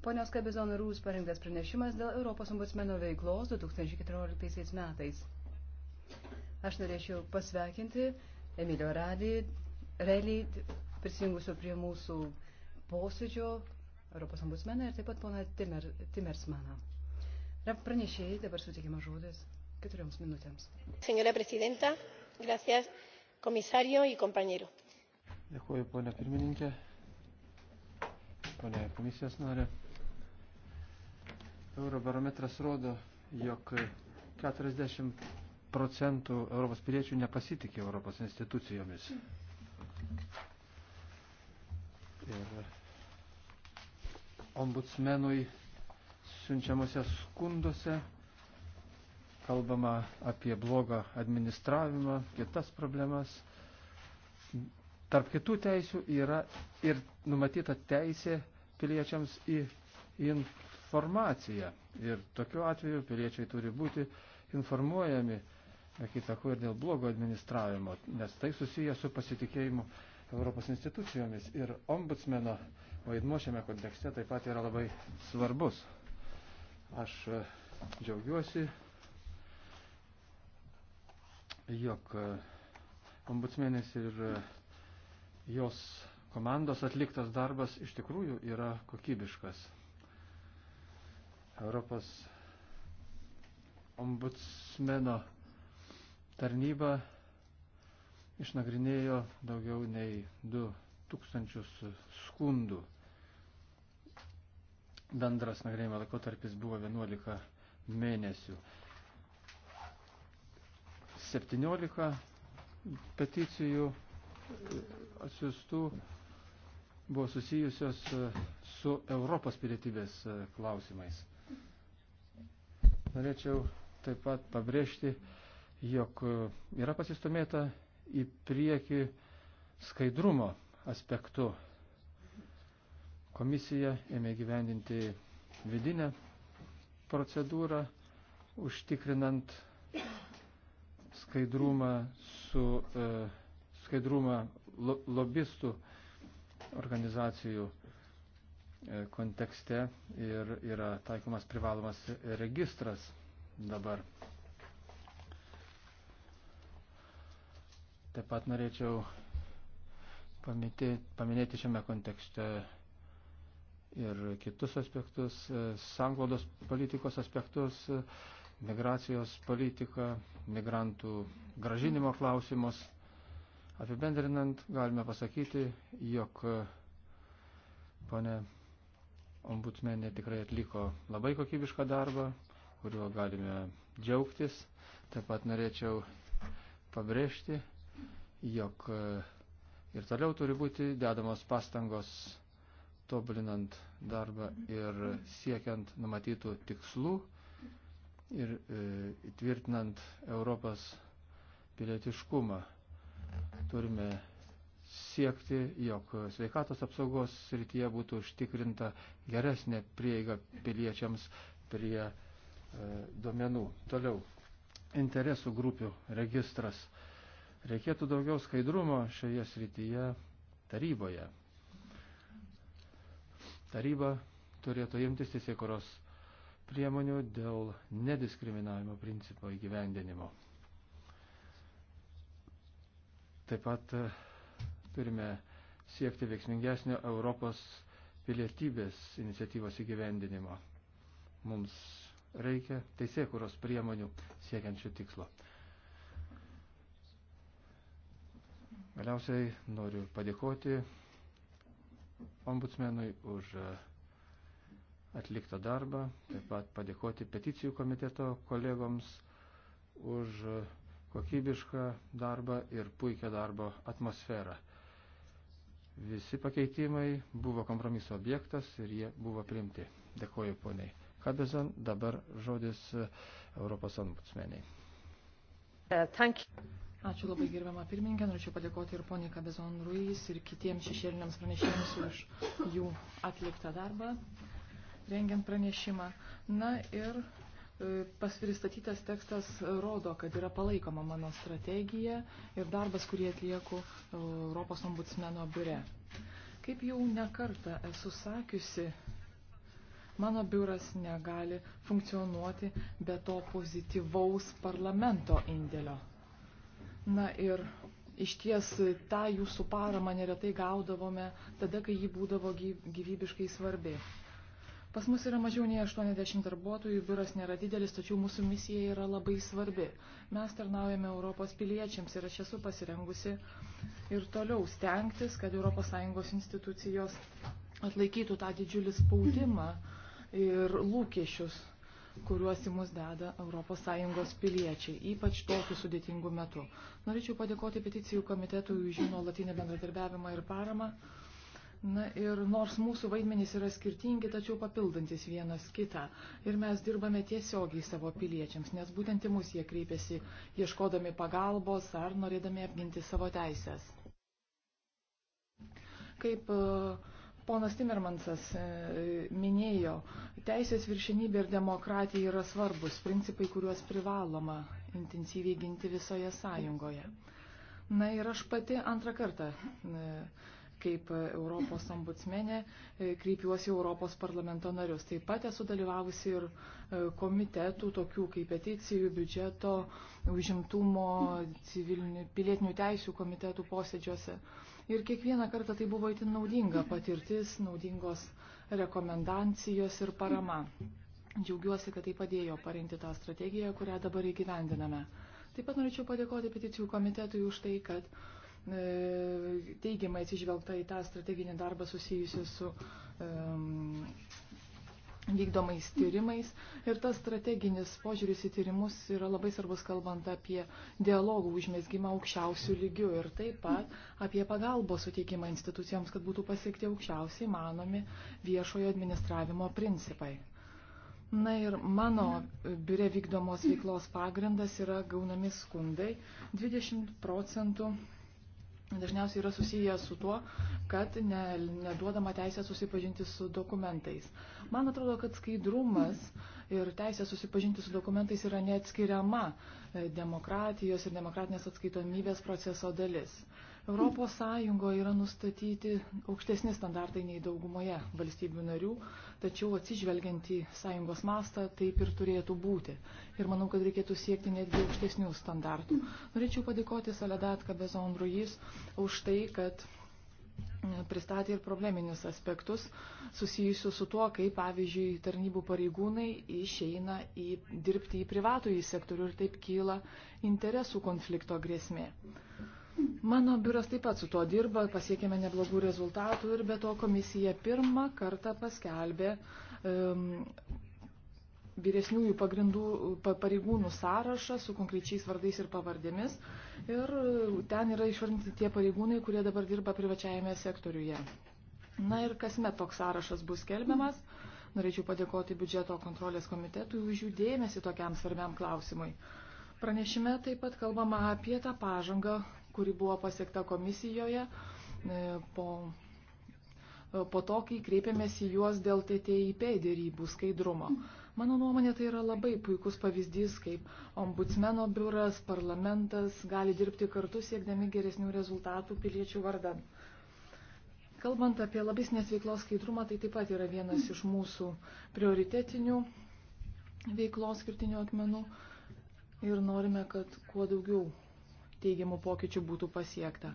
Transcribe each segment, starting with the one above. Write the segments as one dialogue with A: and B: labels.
A: Ponios Kabizon Rūs parengtas pranešimas dėl Europos ombudsmeno veiklos 2014 metais. Aš norėčiau pasveikinti Emilio Radį, realiai prisijungusio prie mūsų posėdžio Europos ombudsmeną ir taip pat poną Timer, Timersmaną. Pranešėjai dabar sutikimas žodis keturioms minutėms.
B: Senora prezidenta, gracias komisario ir compañero. Dėkuoju, ponia pirmininkė ponė komisijos narė. Eurobarometras rodo, jog 40 procentų Europos piliečių nepasitikė Europos institucijomis. Ir ombudsmenui siunčiamuose skunduose kalbama apie blogą administravimą, kitas problemas. Tarp kitų teisių yra ir numatyta teisė piliečiams į informaciją. Ir tokiu atveju piliečiai turi būti informuojami, kitako ir dėl blogo administravimo, nes tai susiję su pasitikėjimu Europos institucijomis. Ir ombudsmeno vaidmo šiame kontekste taip pat yra labai svarbus. Aš e, džiaugiuosi, jog e, ombudsmenis ir e, jos komandos atliktas darbas iš tikrųjų yra kokybiškas. Europos ombudsmeno tarnyba išnagrinėjo daugiau nei 2000 skundų. Bendras nagrinėjimo laikotarpis buvo 11 mėnesių. 17 peticijų atsiustų buvo susijusios e, su Europos pilietybės e, klausimais. Norėčiau taip pat pabrėžti, jog e, yra pasistumėta į priekį skaidrumo aspektu. Komisija ėmė gyvendinti vidinę procedūrą, užtikrinant skaidrumą su e, skaidrumą lo, lobistų organizacijų e, kontekste ir yra taikomas privalomas registras dabar. Taip pat norėčiau paminėti, paminėti šiame kontekste ir kitus aspektus, e, sanglaudos politikos aspektus, e, migracijos politiką, migrantų gražinimo klausimus. Apibendrinant, galime pasakyti, jog e, ponė ombudsmenė tikrai atliko labai kokybišką darbą, kuriuo galime džiaugtis. Taip pat norėčiau pabrėžti, jog e, ir toliau turi būti dedamos pastangos tobulinant darbą ir siekiant numatytų tikslų ir e, įtvirtinant Europos pilietiškumą. Turime siekti, jog sveikatos apsaugos srityje būtų užtikrinta geresnė prieiga piliečiams prie e, duomenų. Toliau, interesų grupių registras. Reikėtų daugiau skaidrumo šioje srityje taryboje. Taryba turėtų imtis teisėkuros priemonių dėl nediskriminavimo principo įgyvendinimo. Taip pat e, turime siekti veiksmingesnio Europos pilietybės iniciatyvos įgyvendinimo. Mums reikia teisėkuros priemonių siekiančių tikslo. Galiausiai noriu padėkoti ombudsmenui už e, atliktą darbą, taip pat padėkoti peticijų komiteto kolegoms už e, kokybišką darbą ir puikią darbo atmosferą. Visi pakeitimai buvo kompromiso objektas ir jie buvo priimti. Dėkuoju poniai. Kabezon, dabar žodis e, Europos ombudsmeniai.
C: Uh, Ačiū labai gerbiamą pirmininkę, norėčiau padėkoti ir poniai Kabezon Ruiz ir kitiems šešėliniams pranešėjams už jų atliktą darbą, rengiant pranešimą. Na ir E, Paspristatytas tekstas rodo, kad yra palaikoma mano strategija ir darbas, kurį atlieku e, Europos ombudsmeno biure. Kaip jau nekartą esu sakiusi, mano biuras negali funkcionuoti be to pozityvaus parlamento indėlio. Na ir iš ties tą jūsų paramą neretai gaudavome tada, kai ji būdavo gyvybiškai svarbi. Pas mus yra mažiau nei 80 darbuotojų, biuras nėra didelis, tačiau mūsų misija yra labai svarbi. Mes tarnaujame Europos piliečiams ir aš esu pasirengusi ir toliau stengtis, kad ES institucijos atlaikytų tą didžiulį spaudimą ir lūkesčius kuriuos į mus deda ES piliečiai, ypač tokiu sudėtingu metu. Norėčiau padėkoti peticijų komitetui už jų nuolatinį bendradarbiavimą ir paramą. Na ir nors mūsų vaidmenys yra skirtingi, tačiau papildantis vienas kitą. Ir mes dirbame tiesiogiai savo piliečiams, nes būtent į mus jie kreipiasi ieškodami pagalbos ar norėdami apginti savo teisės. Kaip uh, Ponas Timermansas e, minėjo, teisės viršinybė ir demokratija yra svarbus principai, kuriuos privaloma intensyviai ginti visoje sąjungoje. Na ir aš pati antrą kartą e, kaip Europos ombudsmenė e, kreipiuosi Europos parlamento narius. Taip pat esu dalyvavusi ir e, komitetų, tokių kaip peticijų, biudžeto, užimtumo, civilinių, pilietinių teisų komitetų posėdžiuose. Ir kiekvieną kartą tai buvo itin naudinga patirtis, naudingos rekomendacijos ir parama. Džiaugiuosi, kad tai padėjo parengti tą strategiją, kurią dabar įgyvendiname. Taip pat norėčiau padėkoti peticijų komitetui už tai, kad uh, E, teigiamai atsižvelgta į tą strateginį darbą susijusią su um, vykdomais tyrimais. Ir tas strateginis požiūris į tyrimus yra labai svarbus kalbant apie dialogų užmėsgymą aukščiausių lygių ir taip pat apie pagalbos suteikimą institucijoms, kad būtų pasiekti aukščiausiai manomi viešojo administravimo principai. Na ir mano biure vykdomos veiklos pagrindas yra gaunami skundai. 20 procentų dažniausiai yra susiję su tuo, kad ne, neduodama teisė susipažinti su dokumentais. Man atrodo, kad skaidrumas ir teisė susipažinti su dokumentais yra neatskiriama e, demokratijos ir demokratinės atskaitomybės proceso dalis. Europos Sąjungoje yra nustatyti aukštesni standartai nei daugumoje valstybių narių, tačiau atsižvelgiant į sąjungos mastą taip ir turėtų būti. Ir manau, kad reikėtų siekti netgi aukštesnių standartų. Norėčiau padėkoti Soledat Kabezon Ruiz už tai, kad pristatė ir probleminius aspektus susijusius su tuo, kaip, pavyzdžiui, tarnybų pareigūnai išeina į dirbti į privatų į sektorių ir taip kyla interesų konflikto grėsmė. Mano biuras taip pat su tuo dirba, pasiekėme neblogų rezultatų ir be to komisija pirmą kartą paskelbė um, vyresniųjų pagrindų pareigūnų sąrašą su konkrečiais vardais ir pavardėmis. Ir ten yra išvardinti tie pareigūnai, kurie dabar dirba privačiajame sektoriuje. Na ir kasmet toks sąrašas bus skelbiamas. Norėčiau padėkoti biudžeto kontrolės komitetui už jų dėmesį tokiam svarbiam klausimui. Pranešime taip pat kalbama apie tą pažangą, kuri buvo pasiekta komisijoje e, po e, po to, kai kreipėmės į juos dėl TTIP dėrybų skaidrumo. Mano nuomonė tai yra labai puikus pavyzdys, kaip ombudsmeno biuras, parlamentas gali dirbti kartu siekdami geresnių rezultatų piliečių vardan. Kalbant apie labisnės veiklos skaidrumą, tai taip pat yra vienas iš mūsų prioritetinių veiklos skirtinių akmenų ir norime, kad kuo daugiau teigiamų pokyčių būtų pasiekta.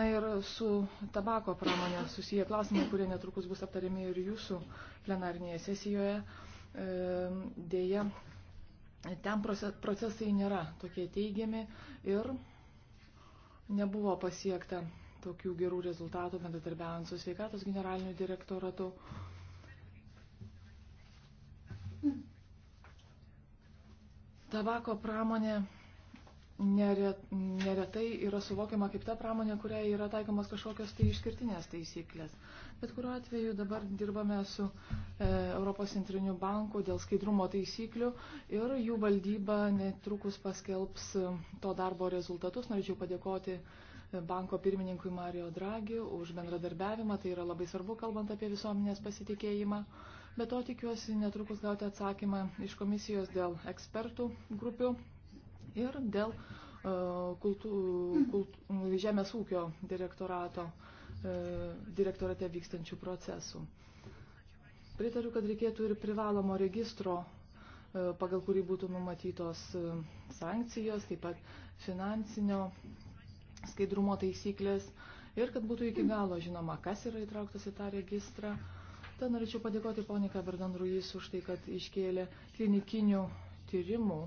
C: Na ir su tabako pramonė susiję klausimai, kurie netrukus bus aptariami ir jūsų plenarinėje sesijoje dėja ten procesai nėra tokie teigiami ir nebuvo pasiekta tokių gerų rezultatų bendradarbiaujant su sveikatos generaliniu direktoratu. Tabako pramonė neretai yra suvokiama kaip ta pramonė, kuriai yra taikomas kažkokios tai išskirtinės taisyklės. Bet kuriuo atveju dabar dirbame su e, Europos centriniu banku dėl skaidrumo taisyklių ir jų valdyba netrukus paskelbs e, to darbo rezultatus. Norėčiau padėkoti e, banko pirmininkui Mario Draghi už bendradarbiavimą, tai yra labai svarbu, kalbant apie visuomenės pasitikėjimą. Be to tikiuosi netrukus gauti atsakymą iš komisijos dėl ekspertų grupių ir dėl kultų, e, kultų, žemės ūkio direktorato, e, direktorate vykstančių procesų. Pritariu, kad reikėtų ir privalomo registro, e, pagal kurį būtų numatytos sankcijos, taip pat finansinio skaidrumo taisyklės ir kad būtų iki galo žinoma, kas yra įtrauktas į tą registrą. Tad norėčiau padėkoti poniai Kaberdan Ruiz už tai, kad iškėlė klinikinių tyrimų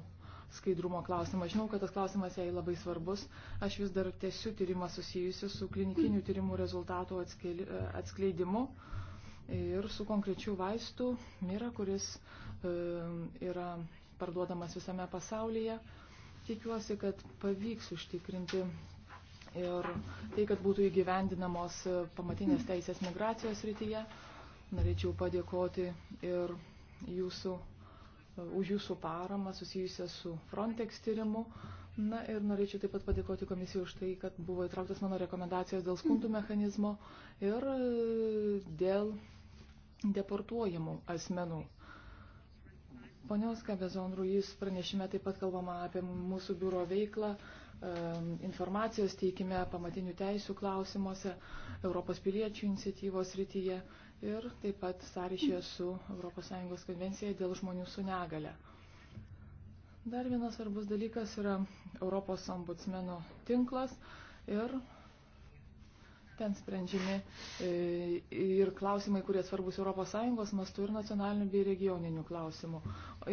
C: skaidrumo klausimą. Žinau, kad tas klausimas jai labai svarbus. Aš vis dar tiesiu tyrimą susijusiu su klinikinių tyrimų rezultatų atskleidimu ir su konkrečiu vaistu Mira, kuris e, yra parduodamas visame pasaulyje. Tikiuosi, kad pavyks užtikrinti ir tai, kad būtų įgyvendinamos e, pamatinės teisės migracijos rytyje. Norėčiau padėkoti ir jūsų už jūsų paramą susijusią su Frontex tyrimu. Na ir norėčiau taip pat padėkoti komisijai už tai, kad buvo įtrauktas mano rekomendacijos dėl skundų mechanizmo ir e, dėl deportuojamų asmenų. Ponios Kabezon Ruiz pranešime taip pat kalbama apie mūsų biuro veiklą, e, informacijos teikime, pamatinių teisų klausimuose, Europos piliečių iniciatyvos rytyje ir taip pat sąryšyje su ES konvencija dėl žmonių su negale. Dar vienas svarbus dalykas yra Europos ombudsmeno tinklas ir ten sprendžiami e, ir klausimai, kurie svarbus ES mastu ir nacionalinių bei regioninių klausimų.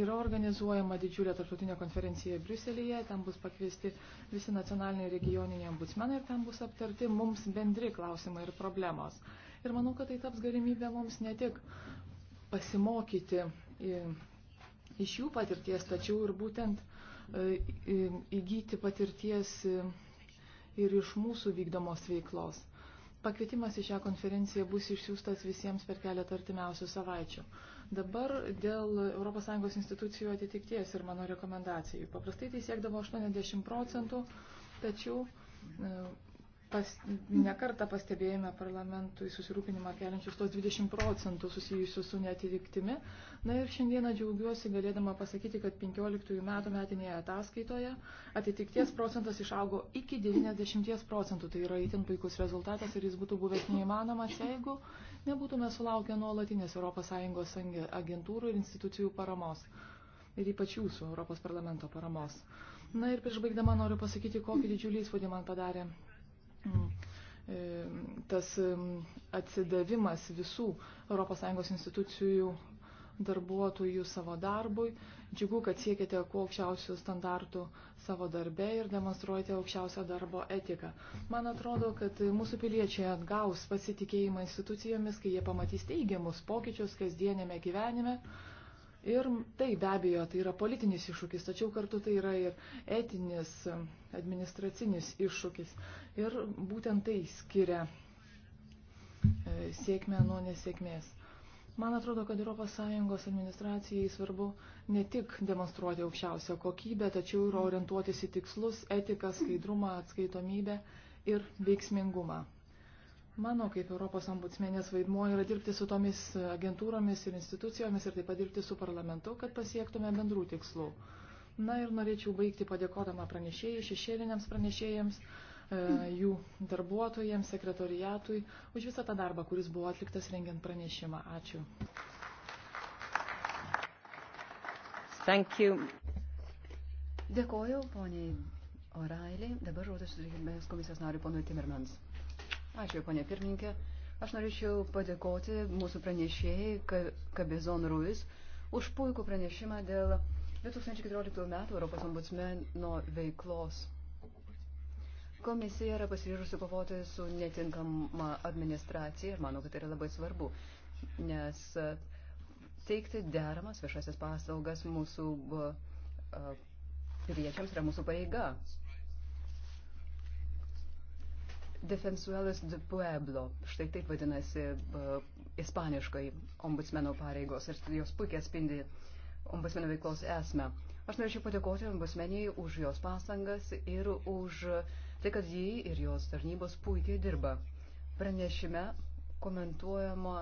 C: Yra organizuojama didžiulė tarptautinė konferencija Briuselėje, ten bus pakviesti visi nacionaliniai regioniniai ombudsmenai ir ten bus aptarti mums bendri klausimai ir problemos. Ir manau, kad tai taps galimybė mums ne tik pasimokyti iš jų patirties, tačiau ir būtent e, įgyti patirties e, ir iš mūsų vykdomos veiklos. Pakvietimas į šią konferenciją bus išsiųstas visiems per keletą artimiausių savaičių. Dabar dėl ES institucijų atitikties ir mano rekomendacijų. Paprastai tai siekdavo 80 procentų, tačiau e, pas, nekartą pastebėjome parlamentui susirūpinimą keliančius tos 20 procentų susijusių su netitiktimi. Na ir šiandieną džiaugiuosi galėdama pasakyti, kad 15 metų metinėje ataskaitoje atitikties procentas išaugo iki 90 procentų. Tai yra itin puikus rezultatas ir jis būtų buvęs neįmanomas, jeigu nebūtume sulaukę nuolatinės ES agentūrų ir institucijų paramos. Ir ypač jūsų Europos parlamento paramos. Na ir prieš baigdama noriu pasakyti, kokį didžiulį įspūdį man padarė Mm. E, tas mm, atsidavimas visų ES institucijų darbuotojų savo darbui. Džiugu, kad siekite kuo aukščiausių standartų savo darbe ir demonstruojate aukščiausią darbo etiką. Man atrodo, kad mūsų piliečiai atgaus pasitikėjimą institucijomis, kai jie pamatys teigiamus pokyčius kasdienėme gyvenime. gyvenime Ir tai be abejo, tai yra politinis iššūkis, tačiau kartu tai yra ir etinis, administracinis iššūkis. Ir būtent tai skiria e, sėkmę nuo nesėkmės. Man atrodo, kad ES administracijai svarbu ne tik demonstruoti aukščiausią kokybę, tačiau ir orientuotis į tikslus, etiką, skaidrumą, atskaitomybę ir veiksmingumą. Mano kaip Europos ombudsmenės vaidmuo yra dirbti su tomis agentūromis ir institucijomis ir taip pat dirbti su parlamentu, kad pasiektume bendrų tikslų. Na ir norėčiau baigti padėkodama pranešėjai, šešėliniams pranešėjams, e, jų darbuotojams, sekretoriatui už visą tą darbą, kuris buvo atliktas rengiant pranešimą. Ačiū.
A: Thank you. Dėkoju, poniai Orailiai. Dabar rodas komisijos nariu ponui Timmermans. Ačiū, ponė pirmininkė. Aš norėčiau padėkoti mūsų pranešėjai Kabezon Ruiz už puikų pranešimą dėl 2014 metų Europos ombudsmeno veiklos. Komisija yra pasiryžusi kovoti su netinkama administracija ir manau, kad tai yra labai svarbu, nes e, teikti deramas viešasis paslaugas mūsų e, piliečiams yra mūsų pareiga. Defensuelos de Pueblo, štai taip vadinasi uh, ispaniškai ombudsmeno pareigos ir jos puikiai atspindi ombudsmeno veiklos esmę. Aš norėčiau padėkoti ombudsmeniai už jos pastangas ir už tai, kad ji ir jos tarnybos puikiai dirba. Pranešime komentuojama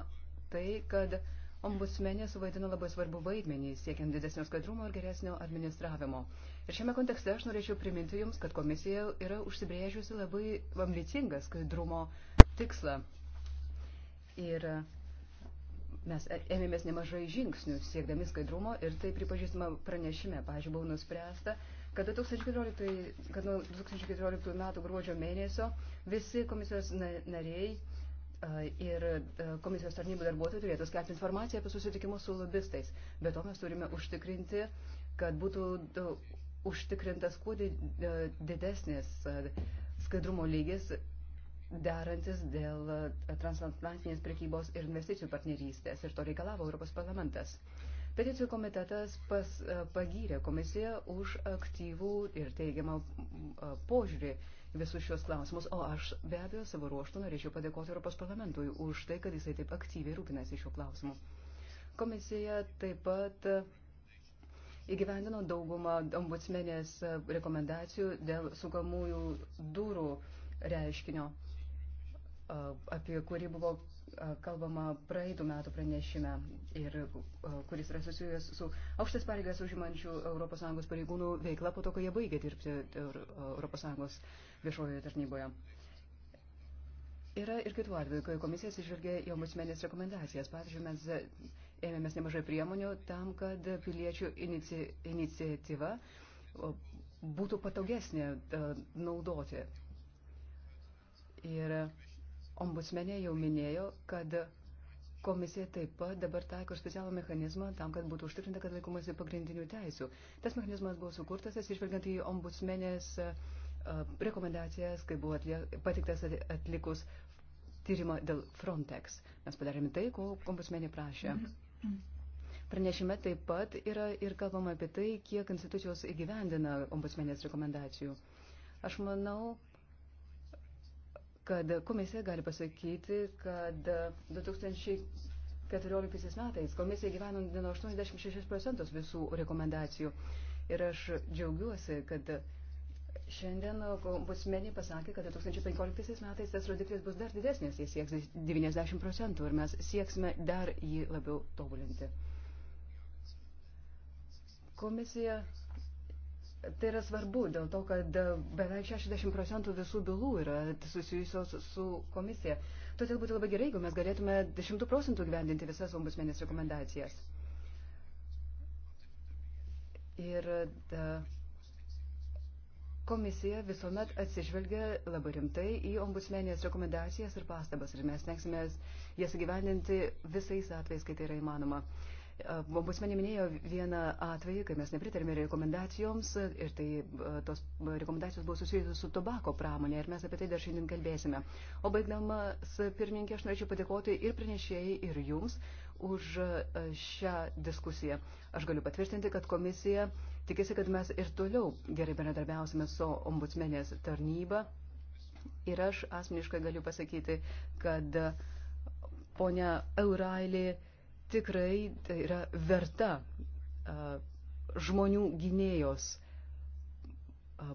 A: tai, kad uh, Ombudsmenė suvaidino labai svarbu vaidmenį, siekiant didesnio skaidrumo ir geresnio administravimo. Ir šiame kontekste aš norėčiau priminti Jums, kad komisija yra užsibrėžiusi labai ambicingą skaidrumo tikslą. Ir mes ėmėmės nemažai žingsnių siekdami skaidrumo ir tai pripažįstama pranešime. Pavyzdžiui, buvo nuspręsta, kad, 2014, kad nuo 2014 metų gruodžio mėnesio visi komisijos nariai ir e, komisijos tarnybų darbuotojai turėtų skelbti informaciją apie susitikimus su lobistais. Be to mes turime užtikrinti, kad būtų e, užtikrintas kuo e, didesnis skaidrumo lygis derantis dėl transatlantinės prekybos ir investicijų partnerystės. Ir to reikalavo Europos parlamentas. Peticijų komitetas pas, pagyrė komisiją už aktyvų ir teigiamą požiūrį visus šios klausimus. O aš be abejo savo ruoštų norėčiau padėkoti Europos parlamentui už tai, kad jisai taip aktyviai rūpinasi šiuo klausimu. Komisija taip pat įgyvendino daugumą ombudsmenės rekomendacijų dėl sugamųjų durų reiškinio, apie kurį buvo kalbama praeitų metų pranešime, ir, kuris yra susijęs su aukštas pareigas užimančių ES pareigūnų veikla po to, kai jie baigė dirbti ES viešojoje tarnyboje. Yra ir kitų atvejų, kai komisijas išvelgia į ombudsmenės rekomendacijas. Pavyzdžiui, mes ėmėmės nemažai priemonių tam, kad piliečių inici, iniciatyva būtų patogesnė naudoti. Ir Ombudsmenė jau minėjo, kad komisija taip pat dabar taiko specialų mechanizmą tam, kad būtų užtikrinta, kad laikomasi pagrindinių teisų. Tas mechanizmas buvo sukurtas, atsižvelgiant į ombudsmenės e, rekomendacijas, kai buvo atliek, patiktas atlikus tyrimą dėl Frontex. Mes padarėme tai, ko ombudsmenė prašė. Pranešime taip pat yra ir kalbama apie tai, kiek institucijos įgyvendina ombudsmenės rekomendacijų. Aš manau, kad komisija gali pasakyti, kad 2014 metais komisija gyveno 86 procentus visų rekomendacijų. Ir aš džiaugiuosi, kad Šiandien ombudsmenė pasakė, kad 2015 metais tas rodiklis bus dar didesnis, jis sieks 90 procentų ir mes sieksime dar jį labiau tobulinti. Komisija Tai yra svarbu dėl to, kad beveik 60 procentų visų bylų yra susijusios su komisija. Todėl būtų labai gerai, jeigu mes galėtume 100 procentų gyvendinti visas ombudsmenės rekomendacijas. Ir da, e, komisija visuomet atsižvelgia labai rimtai į ombudsmenės rekomendacijas ir pastabas ir mes neksime jas gyvendinti visais atvejais, kai tai yra įmanoma. Uh, Ombudsmenė minėjo vieną atvejį, kai mes nepritarėme rekomendacijoms ir tai e, tos rekomendacijos buvo susijusios su tobako pramonė ir mes apie tai dar šiandien kalbėsime. O baigdamas pirmininkė, aš norėčiau padėkoti ir pranešėjai, ir jums už e, šią diskusiją. Aš galiu patvirtinti, kad komisija tikisi, kad mes ir toliau gerai bendradarbiausime su ombudsmenės tarnyba. Ir aš asmeniškai galiu pasakyti, kad e, ponia Eurailė tikrai tai yra verta žmonių gynėjos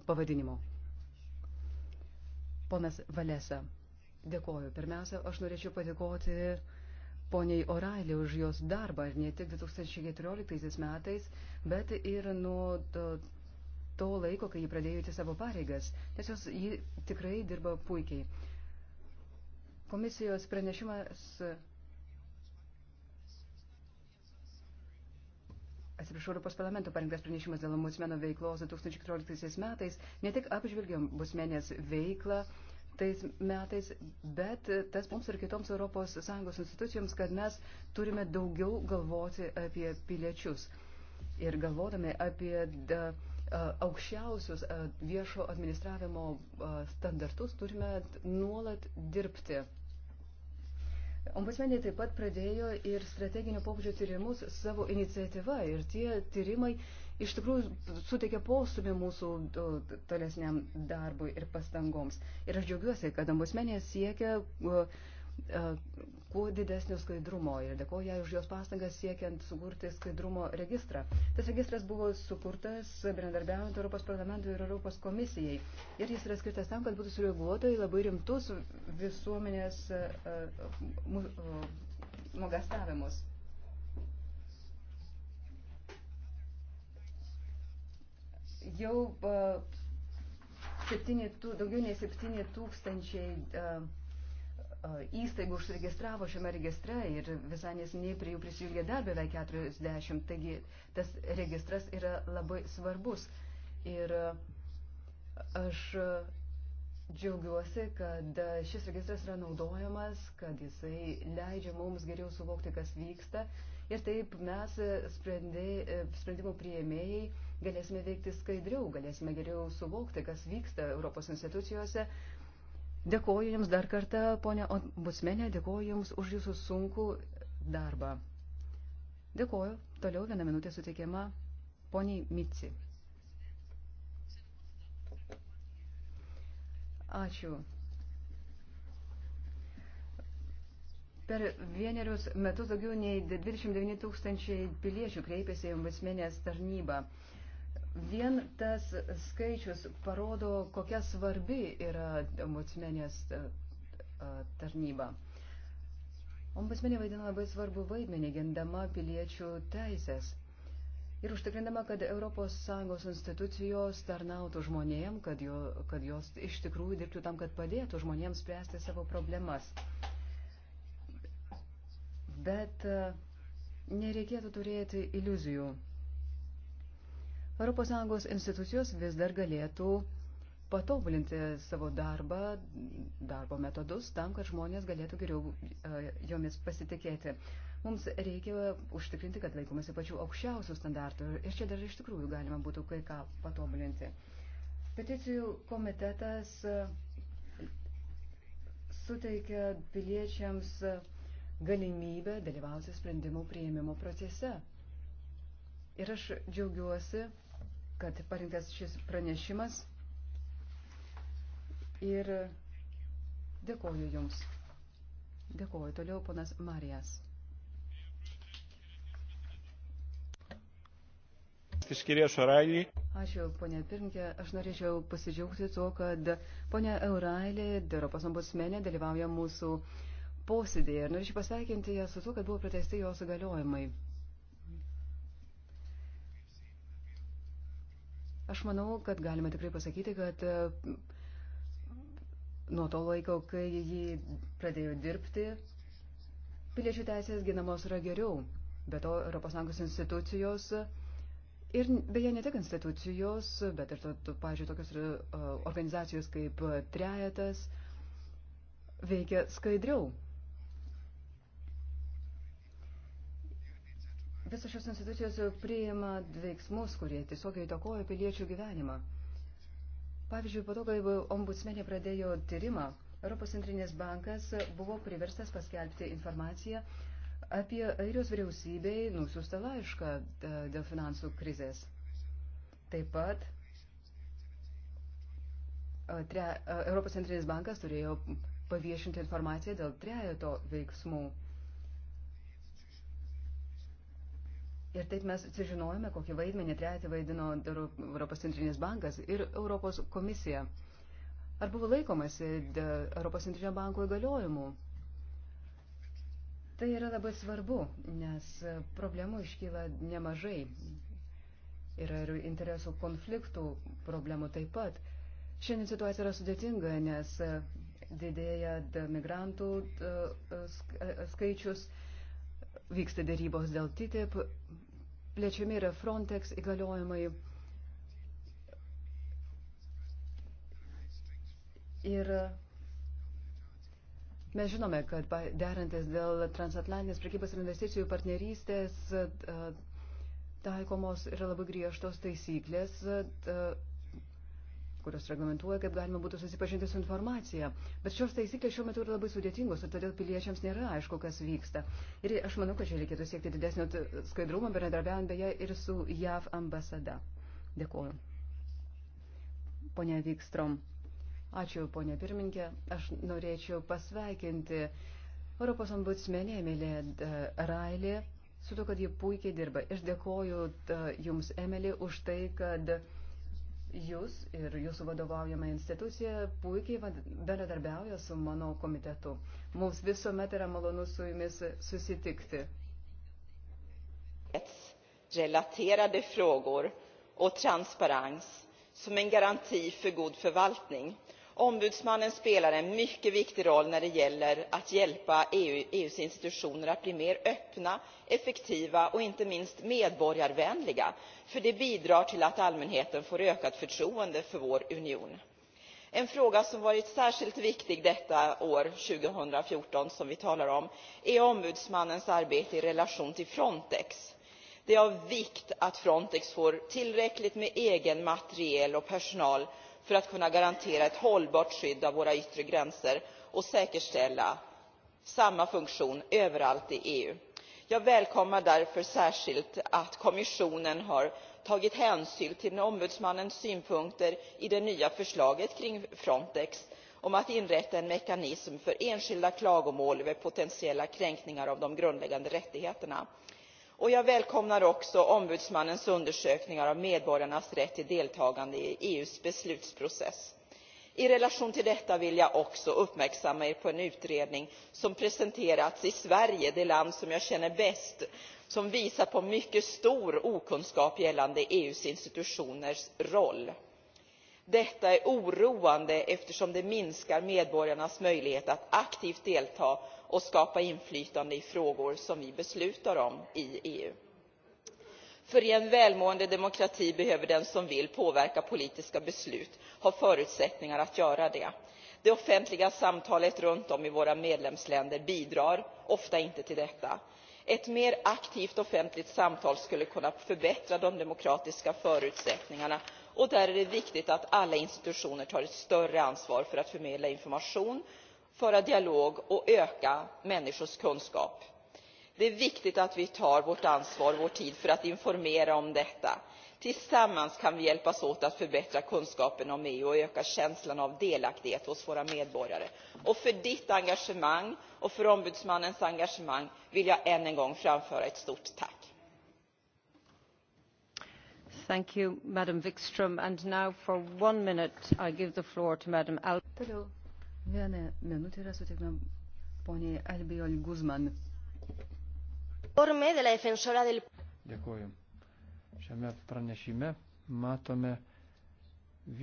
A: pavadinimo. Ponas Valesa, dėkoju. Pirmiausia, aš norėčiau padėkoti poniai Orailė už jos darbą, ne tik 2014 metais, bet ir nuo to, to laiko, kai jį pradėjote savo pareigas, nes jos jį tikrai dirba puikiai. Komisijos pranešimas Atsiprašau, Europos parlamento parengtas pranešimas dėl ombudsmeno veiklos 2014 metais ne tik apžvelgia ombudsmenės veiklą tais metais, bet tas mums ir kitoms ES institucijoms, kad mes turime daugiau galvoti apie piliečius. Ir galvodami apie da, aukščiausius viešo administravimo standartus turime nuolat dirbti Ombudsmenė taip pat pradėjo ir strateginio pobūdžio tyrimus savo iniciatyva ir tie tyrimai iš tikrųjų suteikia postumį mūsų tolesniam darbui ir pastangoms. Ir aš džiaugiuosi, kad ombudsmenė siekia uh, E, kuo didesnio skaidrumo ir dėkoju jai už jos pastangas siekiant sukurti skaidrumo registrą. Tas registras buvo sukurtas bendradarbiaujant Europos parlamentui ir Europos komisijai ir jis yra skirtas tam, kad būtų sureaguota į labai rimtus visuomenės e, e, nuogastavimus. Jau a, septyni, daugiau nei 7 tūkstančiai a, E, įstaigų užsiregistravo šiame registre ir visai nesiniai prie jų prisijungė dar beveik 40, taigi tas registras yra labai svarbus. Ir e, aš džiaugiuosi, kad šis registras yra naudojamas, kad jisai leidžia mums geriau suvokti, kas vyksta ir taip mes sprendė, e, sprendimų prieimėjai galėsime veikti skaidriau, galėsime geriau suvokti, kas vyksta Europos institucijose, Dėkoju Jums dar kartą, ponia Ombudsmenė, dėkoju Jums už Jūsų sunkų darbą. Dėkoju. Toliau vieną minutę suteikiama poniai Mici. Ačiū. Per vienerius metus daugiau nei 29 tūkstančiai piliečių kreipėsi į ombudsmenės tarnybą. Vien tas skaičius parodo, kokia svarbi yra ombudsmenės e, tarnyba. Ombudsmenė vaidina labai svarbu vaidmenį, gindama piliečių teisės ir užtikrindama, kad ES institucijos tarnautų žmonėm, kad, jo, kad jos iš tikrųjų dirbtų tam, kad padėtų žmonėms spręsti savo problemas. Bet e, nereikėtų turėti iliuzijų. ES institucijos vis dar galėtų patobulinti savo darbą, darbo metodus tam, kad žmonės galėtų geriau e, jomis pasitikėti. Mums reikia užtikrinti, kad laikomasi pačių aukščiausių standartų ir čia dar iš tikrųjų galima būtų kai ką patobulinti. Peticijų komitetas e, suteikia piliečiams e, galimybę dalyvauti sprendimų prieimimo procese. Ir aš džiaugiuosi, kad parinktas šis pranešimas ir dėkoju Jums. Dėkoju toliau, ponas Marijas.
B: Ačiū,
A: ponė Pirmke. Aš norėčiau pasidžiaugti tuo, kad ponė Eurailė, Europos ombudsmenė, dalyvauja mūsų posėdėje. Ir norėčiau pasveikinti ją su tuo, kad buvo pratesti jos įgaliojimai. Aš manau, kad galima tikrai pasakyti, kad e, nuo to laiko, kai jį pradėjo dirbti, piliečių teisės ginamos yra geriau. Be to, ES institucijos ir beje ne tik institucijos, bet ir, to, to, pažiūrėjau, tokios e, organizacijos kaip e, trejetas veikia skaidriau. Visos šios institucijos priima veiksmus, kurie tiesiog įtakoja piliečių gyvenimą. Pavyzdžiui, po to, kai ombudsmenė pradėjo tyrimą, Europos centrinės bankas buvo priverstas paskelbti informaciją apie Airijos vyriausybei nusiųstą laišką e, dėl finansų krizės. Taip pat e, tre, e, Europos centrinis bankas turėjo paviešinti informaciją dėl trejato veiksmų. Ir taip mes sužinojome, kokį vaidmenį trejatį vaidino Europos centrinės bankas ir Europos komisija. Ar buvo laikomasi e, Europos centrinio banko įgaliojimų? Tai yra labai svarbu, nes e, problemų iškyla nemažai. Yra ir interesų konfliktų problemų taip pat. Šiandien situacija yra sudėtinga, nes e, didėja migrantų skaičius, vyksta dėrybos dėl TTIP plečiami yra Frontex įgaliojimai. Ir mes žinome, kad derantis dėl transatlantinės prekybos ir investicijų partnerystės taikomos yra labai griežtos taisyklės. Ta, kurios reglamentuoja, kaip galima būtų susipažinti su informacija. Bet šios taisyklės šiuo metu yra labai sudėtingos ir todėl piliečiams nėra aišku, kas vyksta. Ir aš manau, kad čia reikėtų siekti didesnio skaidrumo, bendradarbiaujant beje ir su JAV ambasada. Dėkuoju. Pone Vykstrom. Ačiū, ponė pirmininkė. Aš norėčiau pasveikinti Europos ombudsmenė Emilė e, Railė su to, kad ji puikiai dirba. Aš dėkoju e, Jums, Emilė, už tai, kad jūs ir jūsų vadovaujama institucija puikiai bendradarbiauja su mano komitetu. Mums visuomet yra malonu su jumis susitikti.
D: relaterade frågor och transparens som en garanti för god förvaltning ombudsmannen spelar en mycket viktig roll när det gäller att hjälpa eus e institutioner att bli mer öppna effektiva och inte minst medborgarvänliga för det bidrar till att allmänheten får ökat förtroende för vår union. En fråga som varit särskilt viktig detta år 2014 som vi talar om är ombudsmannens arbete i relation till frontex. det är av vikt att frontex får tillräckligt med egen materiel och personal för att kunna garantera ett hållbart skydd av våra yttre gränser och säkerställa samma funktion överallt i eu. jag välkomnar därför särskilt att kommissionen har tagit hänsyn till ombudsmannens synpunkter i det nya förslaget kring frontex om att inrätta en mekanism för enskilda klagomål över potentiella kränkningar av de grundläggande rättigheterna jag välkomnar också ombudsmannens undersökningar av medborgarnas rätt till deltagande i eus beslutsprocess. i relation till detta vill jag också uppmärksamma er på en utredning som presenterats i sverige det land som jag känner bäst som visar på mycket stor okunskap gällande eus institutioners roll detta är oroande eftersom det minskar medborgarnas möjlighet att aktivt delta och skapa inflytande i frågor som vi beslutar om i eu. för i en välmående demokrati behöver den som vill påverka politiska beslut ha förutsättningar att göra det. det offentliga samtalet runt om i våra medlemsländer bidrar ofta inte till detta. ett mer aktivt offentligt samtal skulle kunna förbättra de demokratiska förutsättningarna där är det viktigt att alla institutioner tar ett större ansvar för att förmedla information föra dialog och öka människors kunskap. det är viktigt att vi tar vårt ansvar och vår tid för att informera om detta. tillsammans kan vi hjälpas åt att förbättra kunskapen om eu och öka känslan av delaktighet hos våra medborgare. för ditt engagemang och för ombudsmannens engagemang vill jag än en gång framföra ett stort tack. You, Wikström, minute, Toliau
A: vieną minutę yra suteikta poniai Albiol Guzman.
B: Dėkuoju. Šiame pranešime matome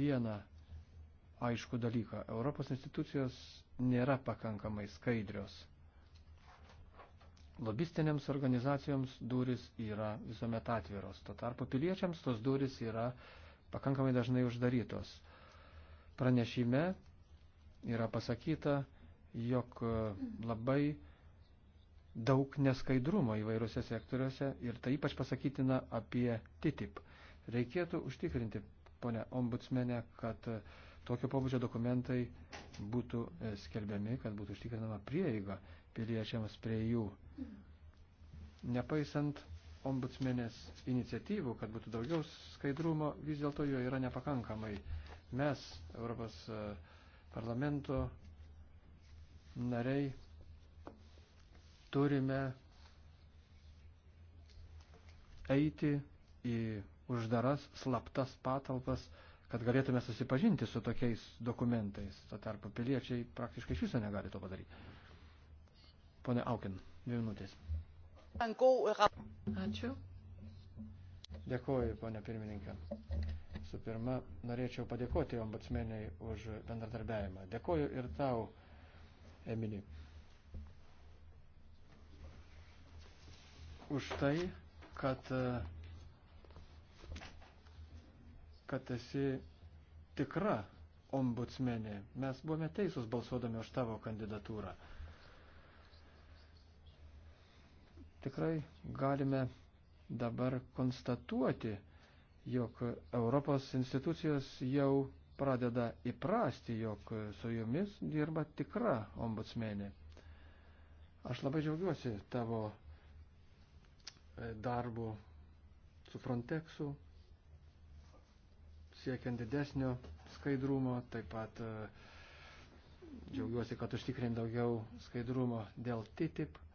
B: vieną aišku dalyką. Europos institucijos nėra pakankamai skaidrios lobistinėms organizacijoms duris yra visuomet atviros, to tarpu piliečiams tos duris yra pakankamai dažnai uždarytos. Pranešime yra pasakyta, jog e, labai daug neskaidrumo įvairiuose sektoriuose ir tai ypač pasakytina apie TTIP. Reikėtų užtikrinti, ponė ombudsmenė, kad e, tokio pobūdžio dokumentai būtų e, skelbiami, kad būtų užtikrinama prieiga piliečiams prie jų. Nepaisant ombudsmenės iniciatyvų, kad būtų daugiau skaidrumo, vis dėlto jo yra nepakankamai. Mes, Europos e, parlamento nariai, turime eiti į uždaras, slaptas patalpas, kad galėtume susipažinti su tokiais dokumentais. Tuo tarpu piliečiai praktiškai iš viso negali to padaryti. Pone Aukin, dvi minutės.
A: Ačiū.
B: Dėkuoju, ponė pirmininkė. Su pirma, norėčiau padėkoti ombudsmeniai už bendradarbiavimą. Dėkuoju ir tau, Emily. Už tai, kad, kad esi tikra ombudsmenė. Mes buvome teisūs balsuodami už tavo kandidatūrą. Tikrai galime dabar konstatuoti, jog Europos institucijos jau pradeda įprasti, jog su jumis dirba tikra ombudsmenė. Aš labai džiaugiuosi tavo e, darbu su Frontexu, siekiant didesnio skaidrumo, taip pat e, džiaugiuosi, kad užtikrin daugiau skaidrumo dėl TTIP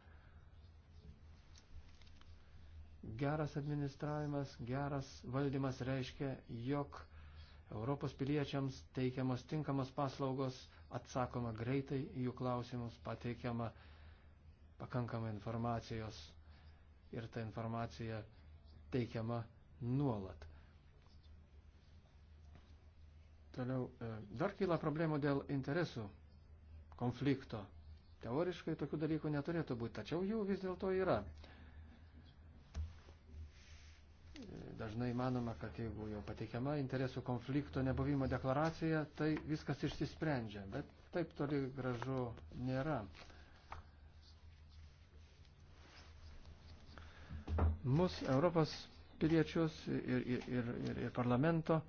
B: Geras administravimas, geras valdymas reiškia, jog Europos piliečiams teikiamos tinkamos paslaugos, atsakoma greitai į jų klausimus, pateikiama pakankamai informacijos ir ta informacija teikiama nuolat. Toliau, e, dar kyla problemų dėl interesų konflikto. Teoriškai tokių dalykų neturėtų būti, tačiau jų vis dėlto yra. Dažnai manoma, kad jeigu jau pateikiama interesų konflikto nebuvimo deklaracija, tai viskas išsisprendžia, bet taip toli gražu nėra. Mus Europos piliečius ir, ir, ir, ir, ir parlamento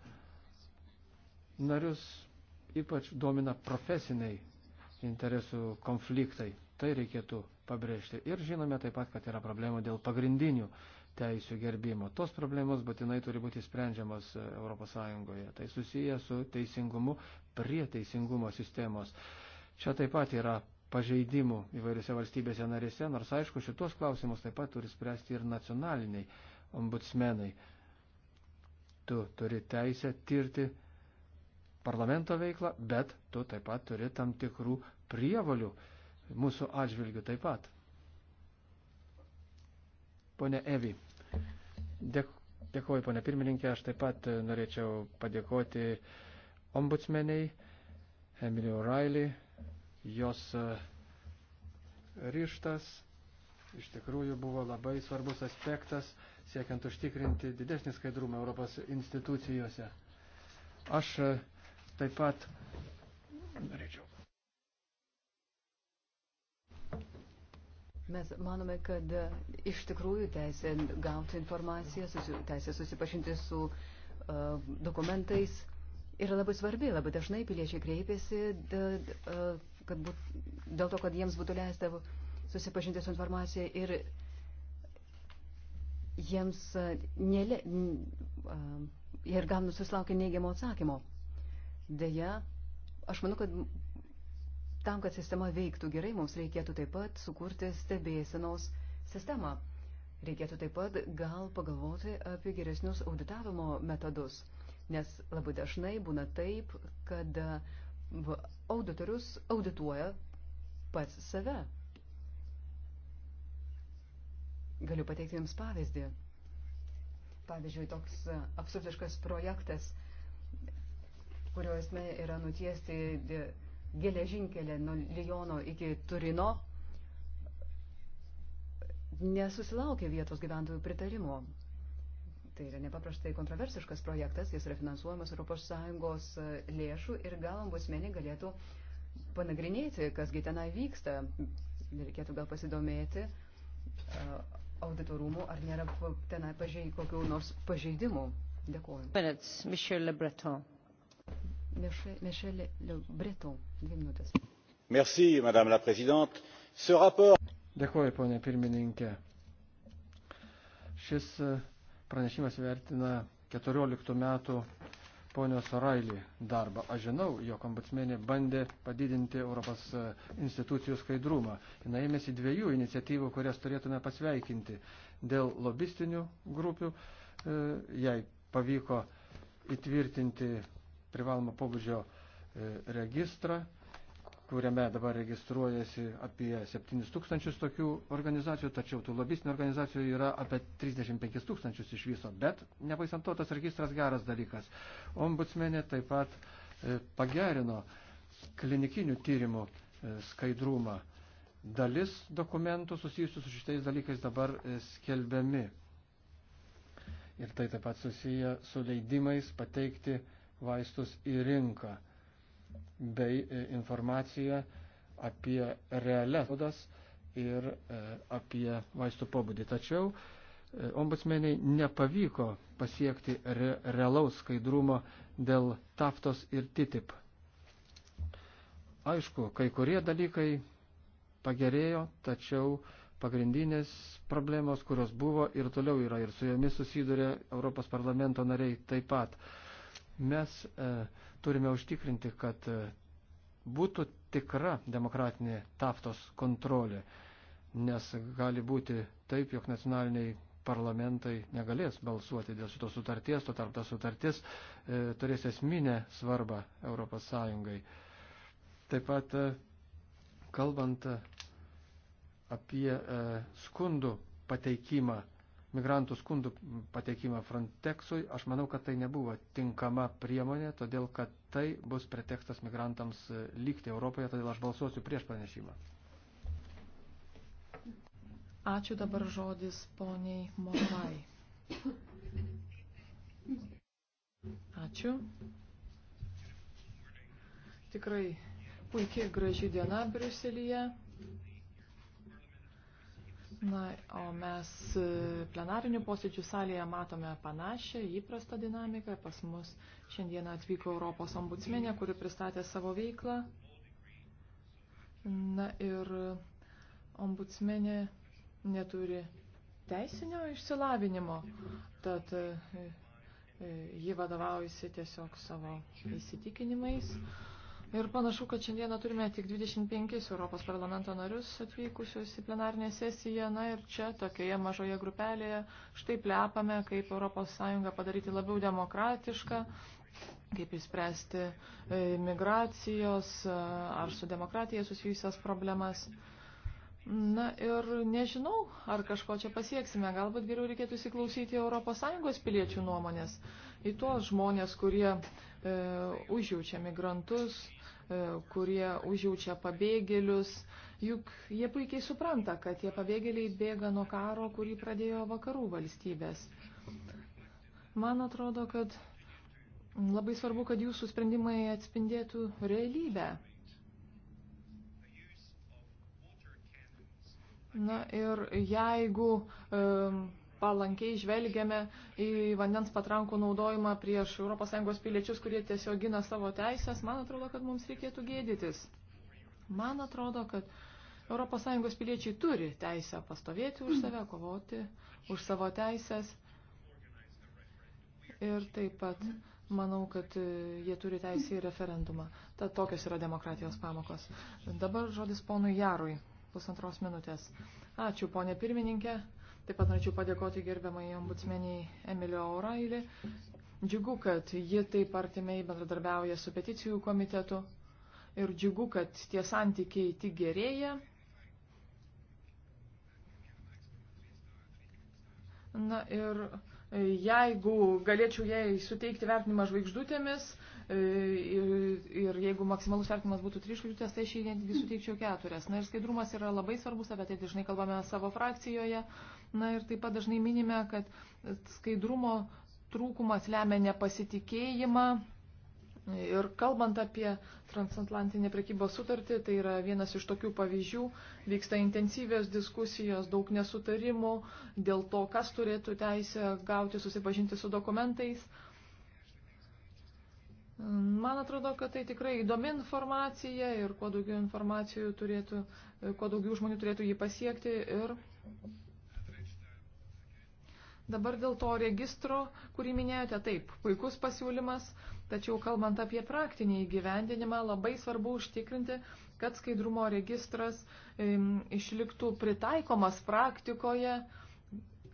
B: narius ypač domina profesiniai interesų konfliktai. Tai reikėtų pabrėžti. Ir žinome taip pat, kad yra problemų dėl pagrindinių teisų gerbimo. Tos problemos būtinai turi būti sprendžiamos ES. Tai susiję su teisingumu prie teisingumo sistemos. Čia taip pat yra pažeidimų įvairiose valstybėse narėse, nors aišku, šitos klausimus taip pat turi spręsti ir nacionaliniai ombudsmenai. Tu turi teisę tirti parlamento veiklą, bet tu taip pat turi tam tikrų prievalių mūsų atžvilgių taip pat. Pone Evi, dėkuoju, pone pirmininkė, aš taip pat norėčiau padėkoti ombudsmeniai Emily O'Reilly, jos e, ryštas iš tikrųjų buvo labai svarbus aspektas, siekiant užtikrinti didesnį skaidrumą Europos institucijose. Aš e, taip pat
A: norėčiau Mes manome, kad e, iš tikrųjų teisė gauti informaciją, susi, teisė susipažinti su uh, dokumentais yra labai svarbi. Labai dažnai piliečiai kreipiasi d, d, uh, kad būt, dėl to, kad jiems būtų leista susipažinti su informacija ir jiems uh, nele, uh, ir gaunu susilaukia neigiamo atsakymo. Deja, aš manau, kad tam, kad sistema veiktų gerai, mums reikėtų taip pat sukurti stebėsenos sistemą. Reikėtų taip pat gal pagalvoti apie geresnius auditavimo metodus, nes labai dažnai būna taip, kad e, auditorius audituoja pats save. Galiu pateikti Jums pavyzdį. Pavyzdžiui, toks e, absurdiškas projektas, kurio esmė yra nutiesti e, geležinkelė nuo Lijono iki Turino nesusilaukė vietos gyventojų pritarimo. Tai yra nepaprastai kontroversiškas projektas, jis yra finansuojamas ES e, lėšų ir gal ambusmenė galėtų panagrinėti, kasgi tenai vyksta. Reikėtų gal pasidomėti e, auditorumų, ar nėra tenai pažei, kokių nors pažeidimų. Dėkuoju.
D: Minutes,
A: Michel Breton. Dvi minutės. Merci, Madame la
B: Présidente. Ce rapport. Dėkuoju, ponė pirmininkė. Šis e, pranešimas vertina 14 metų ponios Railį darbą. Aš žinau, jog ombudsmenė bandė padidinti Europos e, institucijų skaidrumą. Jis ėmėsi dviejų iniciatyvų, kurias turėtume pasveikinti. Dėl lobistinių grupių e, jai pavyko įtvirtinti privalomą pobūdžio e, registrą, kuriame dabar registruojasi apie 7 tūkstančius tokių organizacijų, tačiau tų lobistinių organizacijų yra apie 35 tūkstančius iš viso. Bet, nepaisant to, tas registras geras dalykas. Ombudsmenė taip pat e, pagerino klinikinių tyrimų e, skaidrumą. Dalis dokumentų susijusių su šitais dalykais dabar skelbiami. Ir tai taip pat susiję su leidimais pateikti vaistus į rinką bei e, informaciją apie realias naudas ir e, apie vaistų pobūdį. Tačiau e, ombudsmeniai nepavyko pasiekti re, realaus skaidrumo dėl taftos ir titip. Aišku, kai kurie dalykai pagerėjo, tačiau pagrindinės problemos, kurios buvo ir toliau yra ir su jomis susiduria Europos parlamento nariai taip pat. Mes e, turime užtikrinti, kad e, būtų tikra demokratinė taftos kontrolė, nes gali būti taip, jog nacionaliniai parlamentai negalės balsuoti dėl šitos sutarties, to tarp ta sutartis e, turės esminę svarbą Europos Sąjungai. Taip pat, e, kalbant e, apie e, skundų pateikimą migrantų skundų patekimą Frontexui, aš manau, kad tai nebuvo tinkama priemonė, todėl kad tai bus pretekstas migrantams e, likti Europoje, todėl aš balsuosiu prieš pranešimą.
C: Ačiū dabar žodis poniai Morvai. Ačiū. Tikrai puikiai graži diena Briuselyje. Na, o mes e, plenarinių posėdžių salėje matome panašią įprastą dinamiką. Pas mus šiandieną atvyko Europos ombudsmenė, kuri pristatė savo veiklą. Na ir ombudsmenė neturi teisinio išsilavinimo, tad e, e, ji vadovaujasi tiesiog savo įsitikinimais. Ir panašu, kad šiandieną turime tik 25 Europos parlamento narius atvykusius į plenarinę sesiją. Na ir čia, tokioje mažoje grupelėje, štai plepame, kaip ES padaryti labiau demokratišką, kaip įspręsti e, migracijos e, ar su demokratija susijusias problemas. Na ir nežinau, ar kažko čia pasieksime. Galbūt geriau reikėtų įsiklausyti ES piliečių nuomonės į tuos žmonės, kurie e, užjaučia migrantus, E, kurie užjaučia pabėgėlius. Juk jie puikiai supranta, kad tie pabėgėliai bėga nuo karo, kurį pradėjo vakarų valstybės. Man atrodo, kad labai svarbu, kad jūsų sprendimai atspindėtų realybę. Na ir jeigu um, palankiai žvelgiame į vandens patrankų naudojimą prieš ES piliečius, kurie tiesiog gina savo teisės, man atrodo, kad mums reikėtų gėdytis. Man atrodo, kad ES piliečiai turi teisę pastovėti už save, kovoti už savo teisės. Ir taip pat manau, kad jie turi teisę į referendumą. Tad tokios yra demokratijos pamokos. Dabar žodis ponui Jarui, pusantros minutės. Ačiū, ponė pirmininkė. Taip pat norėčiau padėkoti gerbiamai ombudsmeniai Emilio Aurailį. Džiugu, kad ji taip artimiai bendradarbiauja su peticijų komitetu ir džiugu, kad tie santykiai tik gerėja. Na ir Jeigu galėčiau jai suteikti vertinimą žvaigždutėmis ir, e, ir jeigu maksimalus vertinimas būtų 3 žvaigždutės, tai aš jai netgi suteikčiau 4. Na ir skaidrumas yra labai svarbus, apie tai dažnai kalbame savo frakcijoje. Na ir taip pat dažnai minime, kad skaidrumo trūkumas lemia nepasitikėjimą Ir kalbant apie transatlantinę prekybos sutartį, tai yra vienas iš tokių pavyzdžių, vyksta intensyvios diskusijos, daug nesutarimų dėl to, kas turėtų teisę gauti, susipažinti su dokumentais. Man atrodo, kad tai tikrai įdomi informacija ir kuo daugiau informacijų turėtų, kuo daugiau žmonių turėtų jį pasiekti. Ir dabar dėl to registro, kurį minėjote, taip, puikus pasiūlymas. Tačiau kalbant apie praktinį įgyvendinimą, labai svarbu užtikrinti, kad skaidrumo registras išliktų pritaikomas praktikoje,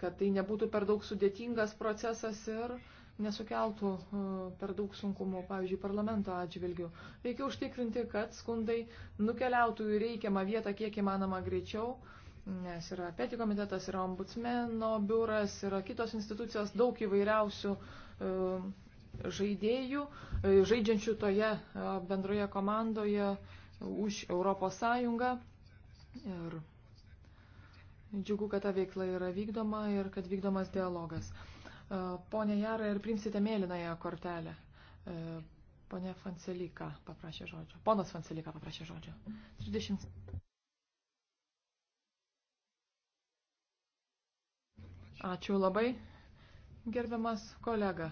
C: kad tai nebūtų per daug sudėtingas procesas ir nesukeltų e, per daug sunkumų, pavyzdžiui, parlamento atžvilgių. Reikia užtikrinti, kad skundai nukeliautų į reikiamą vietą kiek įmanoma greičiau, nes yra peti komitetas, yra ombudsmeno biuras, yra kitos institucijos, daug įvairiausių uh, žaidėjų, e, žaidžiančių toje e, bendroje komandoje už Europos Sąjungą. Ir džiugu, kad ta veikla yra vykdoma ir kad vykdomas dialogas. E, Pone Jarai, ar primsite mėlynąją kortelę? Pone Fancelika paprašė žodžio. Ponas Fancelika paprašė žodžio. 30. Ačiū labai, gerbiamas kolega.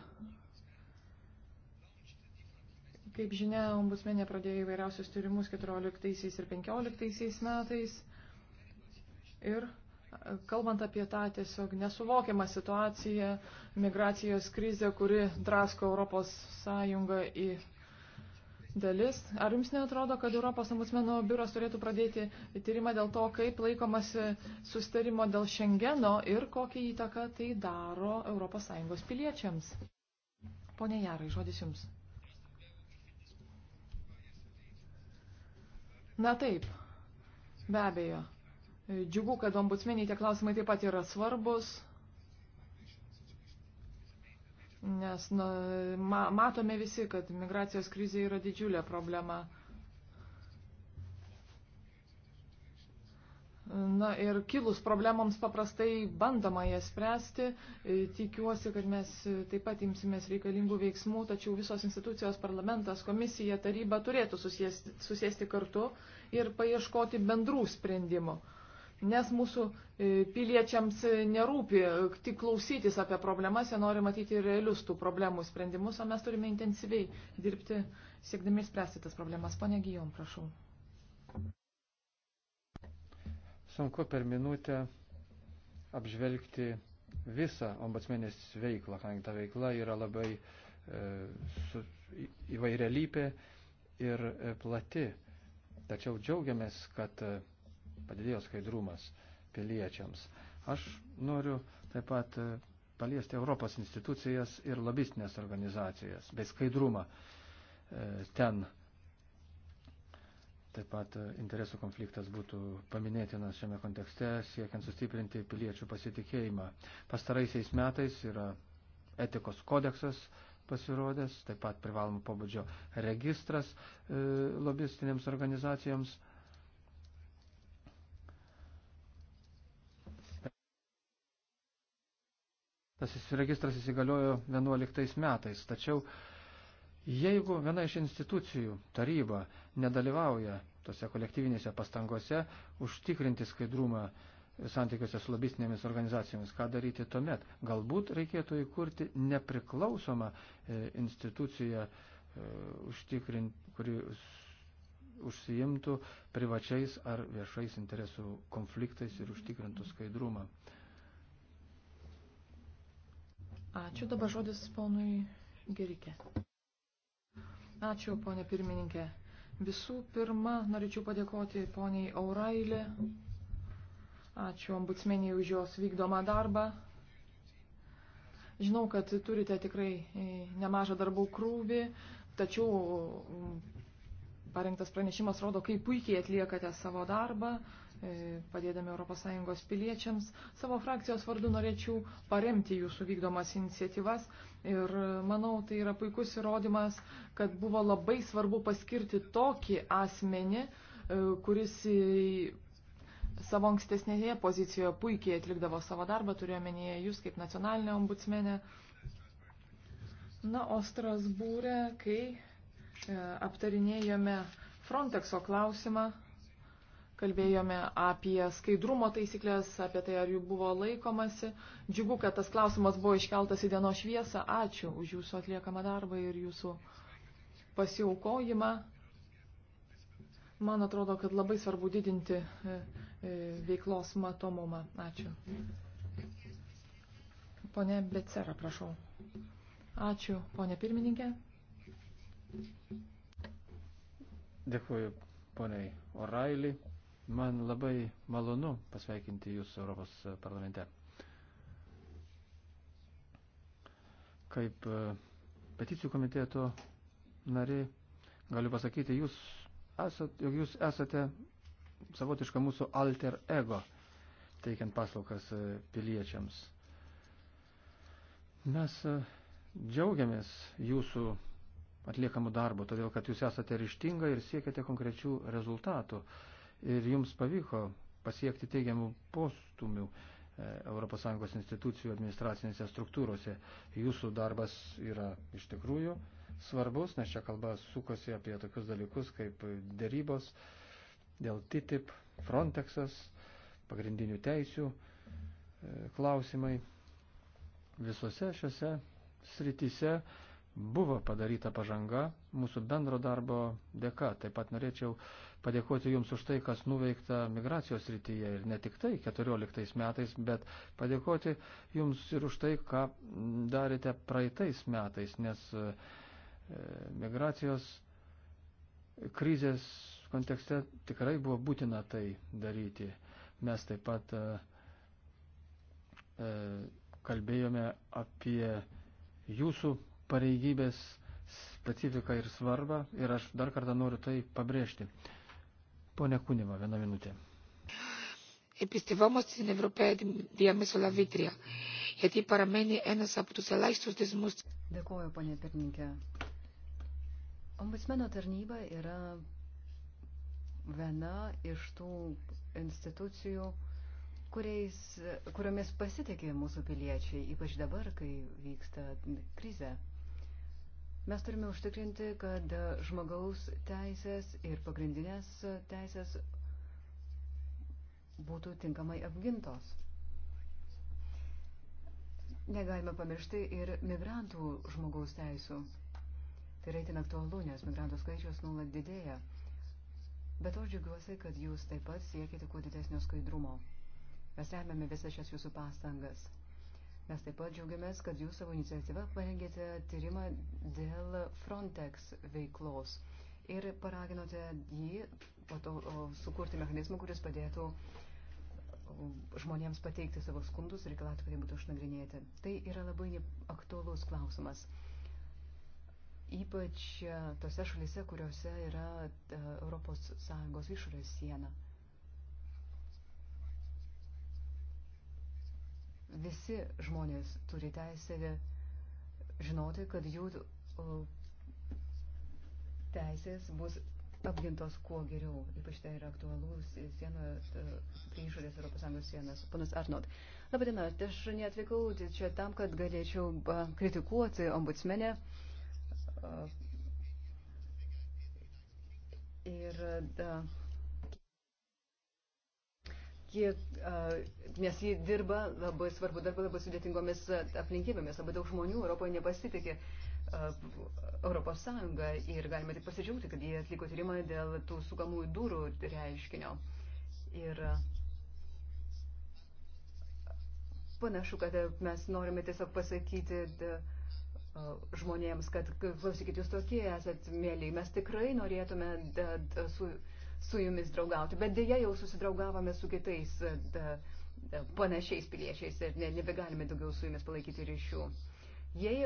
C: Kaip žinia, ombudsmenė pradėjo įvairiausius tyrimus 14 ir 15 metais. Ir e, kalbant apie tą tiesiog nesuvokiamą situaciją, migracijos krizę, kuri drasko Europos Sąjungą į dalis. Ar jums netrodo, kad Europos ombudsmeno biuras turėtų pradėti tyrimą dėl to, kaip laikomasi sustarimo dėl Šengeno ir kokią įtaką tai daro Europos Sąjungos piliečiams? Pone Jarai, žodis jums. Na taip, be abejo. Džiugu, kad ombudsmeniai tie klausimai taip pat yra svarbus, nes na, ma, matome visi, kad migracijos krizė yra didžiulė problema. Na ir kilus problemams paprastai bandoma jas spręsti. E, tikiuosi, kad mes taip pat imsimės reikalingų veiksmų, tačiau visos institucijos, parlamentas, komisija, taryba turėtų susėsti, susėsti kartu ir paieškoti bendrų sprendimų. Nes mūsų e, piliečiams nerūpi tik klausytis apie problemas, jie nori matyti realius tų problemų sprendimus, o mes turime intensyviai dirbti, siekdami spręsti tas problemas. Pane Gijom, prašau
B: sunku per minutę apžvelgti visą ombudsmenės veiklą, kadangi ta veikla yra labai e, su, įvairialypė ir e, plati. Tačiau džiaugiamės, kad e, padidėjo skaidrumas piliečiams. Aš noriu taip pat e, paliesti Europos institucijas ir lobistinės organizacijas bei skaidrumą ten Taip pat e, interesų konfliktas būtų paminėtinas šiame kontekste, siekiant sustiprinti piliečių pasitikėjimą. Pastaraisiais metais yra etikos kodeksas pasirodęs, taip pat privalomų pobūdžio registras e, lobistinėms organizacijoms. Tas registras įsigaliojo 11 metais, tačiau Jeigu viena iš institucijų, taryba, nedalyvauja tose kolektyvinėse pastangose užtikrinti skaidrumą santykiuose su lobistinėmis organizacijomis, ką daryti tuomet? Galbūt reikėtų įkurti nepriklausomą e, instituciją, e, kuri užsijimtų privačiais ar viešais interesų konfliktais ir užtikrintų skaidrumą.
C: Ačiū dabar žodis ponui Gerikė. Ačiū, ponė pirmininkė. Visų pirma, norėčiau padėkoti poniai Aurailė. Ačiū ombudsmeniai už jos vykdomą darbą. Žinau, kad turite tikrai e, nemažą darbų krūvį, tačiau parengtas pranešimas rodo, kaip puikiai atliekate savo darbą. E, padėdami ES piliečiams. Savo frakcijos vardu norėčiau paremti jūsų vykdomas iniciatyvas ir manau, tai yra puikus įrodymas, kad buvo labai svarbu paskirti tokį asmenį, e, kuris savo ankstesnėje pozicijoje puikiai atlikdavo savo darbą, turiuomenėje jūs kaip nacionalinė ombudsmenė. Na, o Strasbūrė, kai e, aptarinėjome Frontexo klausimą, kalbėjome apie skaidrumo taisyklės, apie tai, ar jų buvo laikomasi. Džiugu, kad tas klausimas buvo iškeltas į dienos šviesą. Ačiū už jūsų atliekamą darbą ir jūsų pasiaukojimą. Man atrodo, kad labai svarbu didinti e, e, veiklos matomumą. Ačiū. Pone Becera, prašau. Ačiū, ponė pirmininkė.
B: Dėkuoju poniai O'Reilly. Man labai malonu pasveikinti Jūs Europos parlamente. Kaip e, peticijų komiteto nari, galiu pasakyti, jūs esat, jog Jūs esate savotiška mūsų alter ego, teikiant paslaukas e, piliečiams. Mes e, džiaugiamės Jūsų atliekamų darbų, todėl kad Jūs esate ryštinga ir siekiate konkrečių rezultatų ir jums pavyko pasiekti teigiamų postumių ES institucijų administracinėse struktūrose. Jūsų darbas yra iš tikrųjų svarbus, nes čia kalba sukosi apie tokius dalykus kaip dėrybos dėl TTIP, Frontexas, pagrindinių teisių e, klausimai. Visose šiose srityse buvo padaryta pažanga mūsų bendro darbo dėka. Taip pat norėčiau padėkoti Jums už tai, kas nuveikta migracijos rytyje ir ne tik tai 14 metais, bet padėkoti Jums ir už tai, ką darėte praeitais metais, nes e, migracijos krizės kontekste tikrai buvo būtina tai daryti. Mes taip pat e, e, kalbėjome apie jūsų pareigybės specifiką ir svarbą ir aš dar kartą noriu tai pabrėžti. Pone Kūnima, vieną minutę.
C: Επιστευόμαστε στην Ευρωπαία διαμεσολαβήτρια, γιατί παραμένει ένας από τους ελάχιστους
A: θεσμούς. Dėkuoju, ponė Pirninkė. Ombudsmeno tarnyba yra viena iš tų institucijų, kuriais, kuriomis pasitikė mūsų piliečiai, ypač dabar, kai vyksta krize. Mes turime užtikrinti, kad žmogaus teisės ir pagrindinės teisės būtų tinkamai apgintos. Negalime pamiršti ir migrantų žmogaus teisų. Tai yra itin aktualu, nes migrantų skaičius nuolat didėja. Bet aš džiugiuosi, kad jūs taip pat siekite kuo didesnio skaidrumo. Mes remiame visas šias jūsų pastangas. Mes taip pat džiaugiamės, kad jūs savo iniciatyvą parengėte tyrimą dėl Frontex veiklos ir paraginote jį pato, sukurti mechanizmą, kuris padėtų žmonėms pateikti savo skundus ir reikalauti, kad jie būtų išnagrinėti. Tai yra labai aktuolus klausimas. Ypač e, tose šalise, kuriuose yra ES išorės siena. visi žmonės turi teisę žinoti, kad jų teisės bus apgintos kuo geriau. Ypač tai yra aktualu sienoje, prie išorės ES sienas. Panas Arnot. Labadiena, aš neatvykau čia tam, kad galėčiau kritikuoti ombudsmenę. E, ir da, kiek, nes jį dirba labai svarbu darbą labai sudėtingomis aplinkybėmis. Labai daug žmonių Europoje nepasitikė Europos Sąjungą ir galime tik pasidžiaugti, kad jie atliko tyrimą dėl tų sukamųjų durų reiškinio. Ir panašu, kad mes norime tiesiog pasakyti žmonėms, kad klausykit jūs tokie esat mėly, mes tikrai norėtume da, da, su su jumis draugauti, bet dėja jau susidraugavome su kitais da, e, da, e, panašiais piliečiais ir ne, nebegalime daugiau su jumis palaikyti ryšių. Jei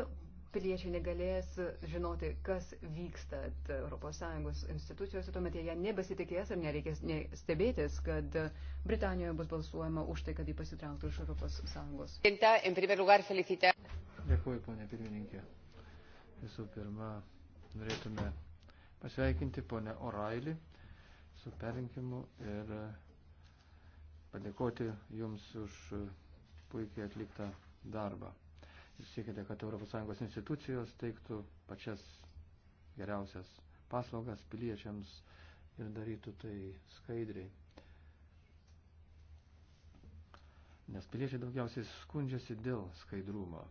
A: piliečiai negalės žinoti, kas vyksta ES institucijose, tuomet jie nebesitikės ir nereikės ne stebėtis, kad e, Britanijoje bus balsuojama už tai, kad jį pasitrauktų iš ES.
B: Dėkuoju, ponė pirmininkė. Visų pirma, norėtume pasveikinti ponę Orailį su perinkimu ir e, padėkoti Jums už e, puikiai atliktą darbą. Jūs siekite, kad ES institucijos teiktų pačias geriausias paslaugas piliečiams ir darytų tai skaidriai. Nes piliečiai daugiausiai skundžiasi dėl skaidrumo.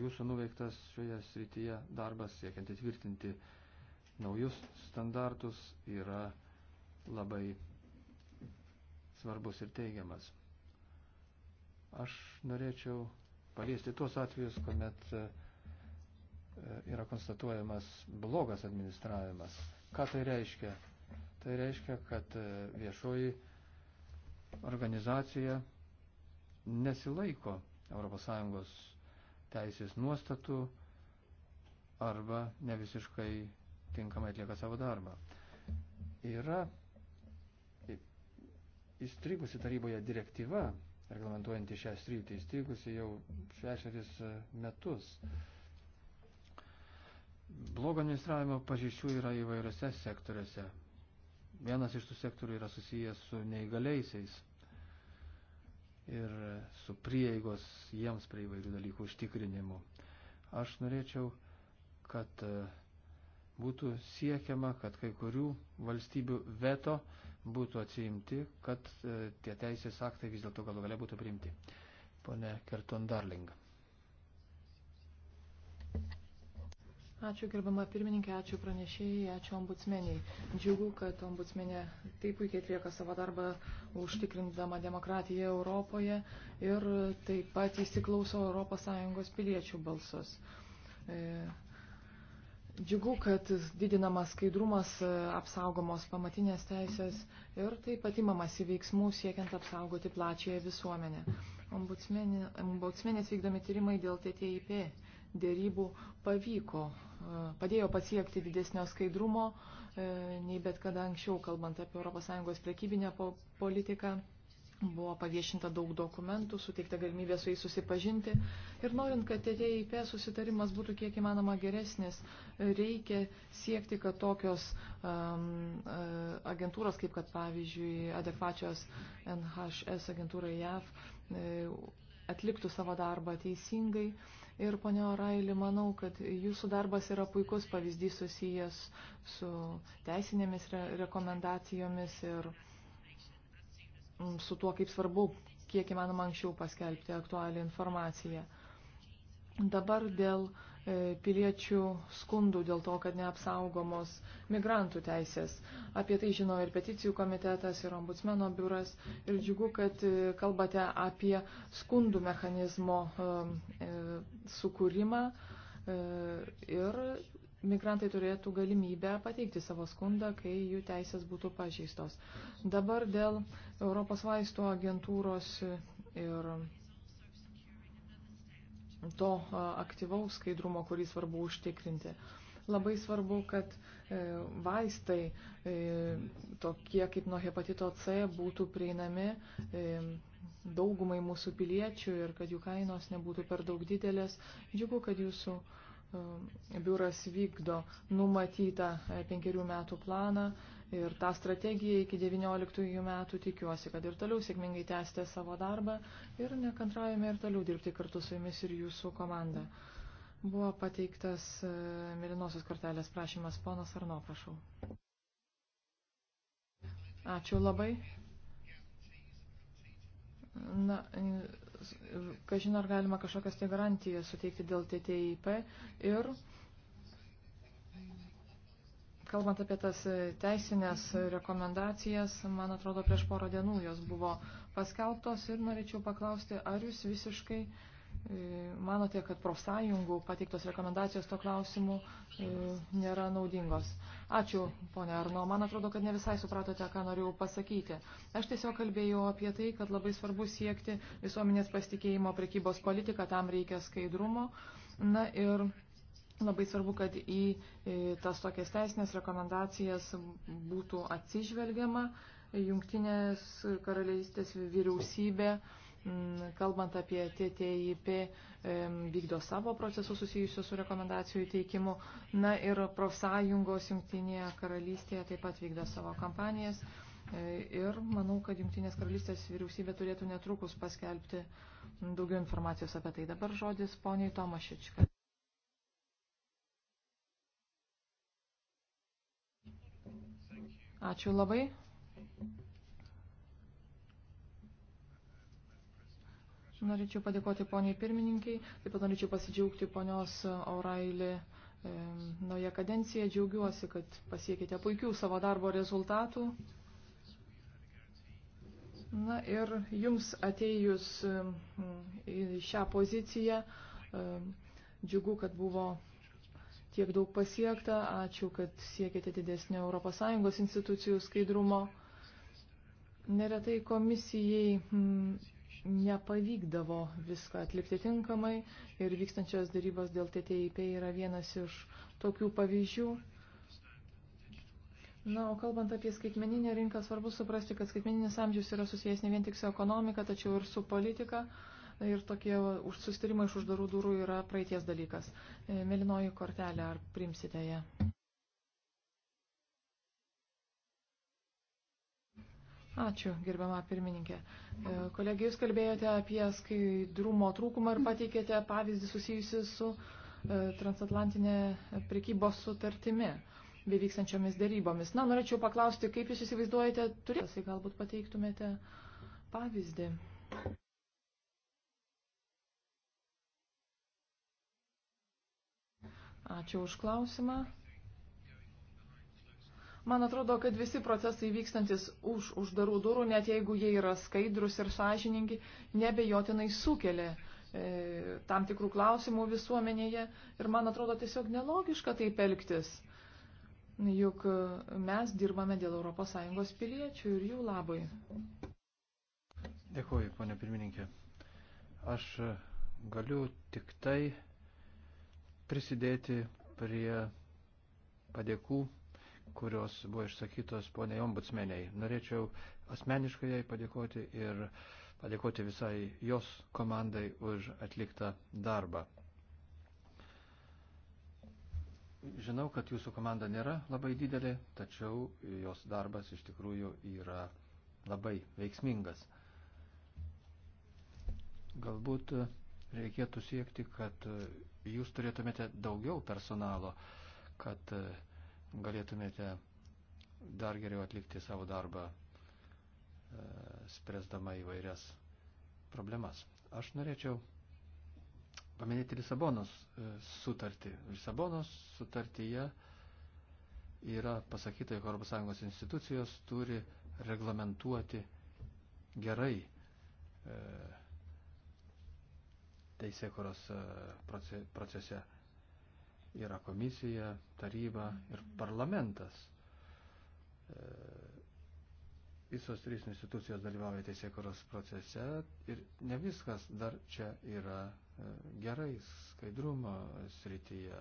B: Jūsų nuveiktas šioje srityje darbas siekiant įtvirtinti naujus standartus yra labai svarbus ir teigiamas. Aš norėčiau paliesti tuos atvejus, kuomet e, e, yra konstatuojamas blogas administravimas. Ką tai reiškia? Tai reiškia, kad e, viešoji organizacija nesilaiko ES teisės nuostatų arba nevisiškai tinkamai atlieka savo darbą. Yra įstrigusi taryboje direktyva, reglamentuojanti šią sritį, įstrigusi jau šešeris e, metus. Blogo administravimo pažyščių yra įvairiose sektoriuose. Vienas iš tų sektorių yra susijęs su neįgaliaisiais ir su prieigos jiems prie įvairių dalykų užtikrinimu. Aš norėčiau, kad e, būtų siekiama, kad kai kurių valstybių veto būtų atsiimti, kad e, tie teisės aktai vis dėlto galų galia būtų priimti. Pone Kerton Darling.
C: Ačiū gerbama pirmininkė, ačiū pranešėjai, ačiū ombudsmeniai. Džiugu, kad ombudsmenė taip puikiai atlieka savo darbą užtikrindama demokratiją Europoje ir taip pat įsiklauso ES piliečių balsus. E, Džiugu, kad didinamas skaidrumas e, apsaugomos pamatinės teisės ir taip pat įmamas į veiksmų siekiant apsaugoti plačiąją visuomenę. Ombudsmenės vykdomi tyrimai dėl TTIP dėrybų pavyko, e, padėjo pasiekti didesnio skaidrumo e, nei bet kada anksčiau, kalbant apie ES prekybinę politiką. Buvo paviešinta daug dokumentų, suteikta galimybė su jais susipažinti. Ir norint, kad TTIP susitarimas būtų kiek įmanoma geresnis, reikia siekti, kad tokios um, e, agentūros, kaip kad pavyzdžiui adekvačios NHS agentūrai JAV, e, atliktų savo darbą teisingai. Ir ponia Oraili, manau, kad jūsų darbas yra puikus pavyzdys susijęs su teisinėmis re rekomendacijomis ir Mm, su tuo, kaip svarbu, kiek įmanoma anksčiau paskelbti aktualią informaciją. Dabar dėl e, piliečių skundų dėl to, kad neapsaugomos migrantų teisės. Apie tai žino ir peticijų komitetas, ir ombudsmeno biuras. Ir džiugu, kad e, kalbate apie skundų mechanizmo e, sukūrimą ir migrantai turėtų galimybę pateikti savo skundą, kai jų teisės būtų pažeistos. Dabar dėl Europos vaistų agentūros ir to aktyvaus skaidrumo, kurį svarbu užtikrinti. Labai svarbu, kad e, vaistai e, tokie kaip nuo hepatito C būtų prieinami e, daugumai mūsų piliečių ir kad jų kainos nebūtų per daug didelės. Džiugu, kad jūsų uh, E, biuras vykdo numatytą e, penkerių metų planą ir tą strategiją iki 19 metų tikiuosi, kad ir toliau sėkmingai tęsite savo darbą ir nekantraujame ir toliau dirbti kartu su jumis ir jūsų komanda. Buvo pateiktas e, Mirinosios kortelės prašymas. Ponas Arno, prašau. Ačiū labai. Na, kažin ar galima kažkokias tai garantijas suteikti dėl TTIP ir kalbant apie tas teisinės rekomendacijas, man atrodo, prieš porą dienų jos buvo paskelbtos ir norėčiau paklausti, ar jūs visiškai E, manote, kad profsąjungų pateiktos rekomendacijos to klausimu e, nėra naudingos. Ačiū, ponė Arno. Man atrodo, kad ne visai supratote, ką norėjau pasakyti. Aš tiesiog kalbėjau apie tai, kad labai svarbu siekti visuomenės pasitikėjimo prekybos politiką, tam reikia skaidrumo. Na ir labai svarbu, kad į e, tas tokias teisinės rekomendacijas būtų atsižvelgiama. Jungtinės karalystės vyriausybė Mm, kalbant apie TTIP, vykdo savo procesus susijusius su rekomendacijų teikimu. Na ir profsąjungos Junktinėje karalystėje taip pat vykdo savo kampanijas. E, ir manau, kad Junktinės karalystės vyriausybė turėtų netrukus paskelbti daugiau informacijos apie tai. Dabar žodis poniai Tomašička. Ačiū labai. Norėčiau padėkoti poniai pirmininkiai, taip pat norėčiau pasidžiaugti ponios Aurailį e, naują kadenciją. Džiaugiuosi, kad pasiekite puikių savo darbo rezultatų. Na ir jums atėjus į šią poziciją, e, džiugu, kad buvo tiek daug pasiekta. Ačiū, kad siekite didesnio ES institucijų skaidrumo. Neretai komisijai. M, nepavykdavo viską atlikti tinkamai ir vykstančios darybos dėl TTIP yra vienas iš tokių pavyzdžių. Na, o kalbant apie skaitmeninę rinką, svarbu suprasti, kad skaitmeninis amžius yra susijęs ne vien tik su ekonomika, tačiau ir su politika. Ir tokie sustarimai iš uždarų durų yra praeities dalykas. E, Melinoji kortelė, ar primsite ją? Ačiū, gerbama pirmininkė. E, Kolegija, jūs kalbėjote apie skaidrumo trūkumą ir pateikėte pavyzdį susijusi su e, transatlantinė prekybos sutartimi bei vykstančiomis dėrybomis. Na, norėčiau paklausti, kaip jūs įsivaizduojate turės, jei galbūt pateiktumėte pavyzdį. Ačiū už klausimą. Man atrodo, kad visi procesai vykstantis už uždarų durų, net jeigu jie yra skaidrus ir sąžiningi, nebejotinai sukelia e, tam tikrų klausimų visuomenėje. Ir man atrodo tiesiog nelogiška taip elgtis. Juk e, mes dirbame dėl ES piliečių ir jų labai.
B: Dėkuoju, ponė pirmininkė. Aš e, galiu tik tai prisidėti prie padėkų kurios buvo išsakytos poniai ombudsmeniai. Norėčiau asmeniškai jai padėkoti ir padėkoti visai jos komandai už atliktą darbą. Žinau, kad jūsų komanda nėra labai didelė, tačiau jos darbas iš tikrųjų yra labai veiksmingas. Galbūt reikėtų siekti, kad jūs turėtumėte daugiau personalo, kad galėtumėte dar geriau atlikti savo darbą, e, spręsdama įvairias problemas. Aš norėčiau paminėti Lisabonos e, sutartį. Lisabonos sutartyje yra pasakyta, jog ES institucijos turi reglamentuoti gerai e, teisėkoros procese yra komisija, taryba ir parlamentas. E, visos trys institucijos dalyvauja teisėkuros procese ir ne viskas dar čia yra e, gerai skaidrumo srityje.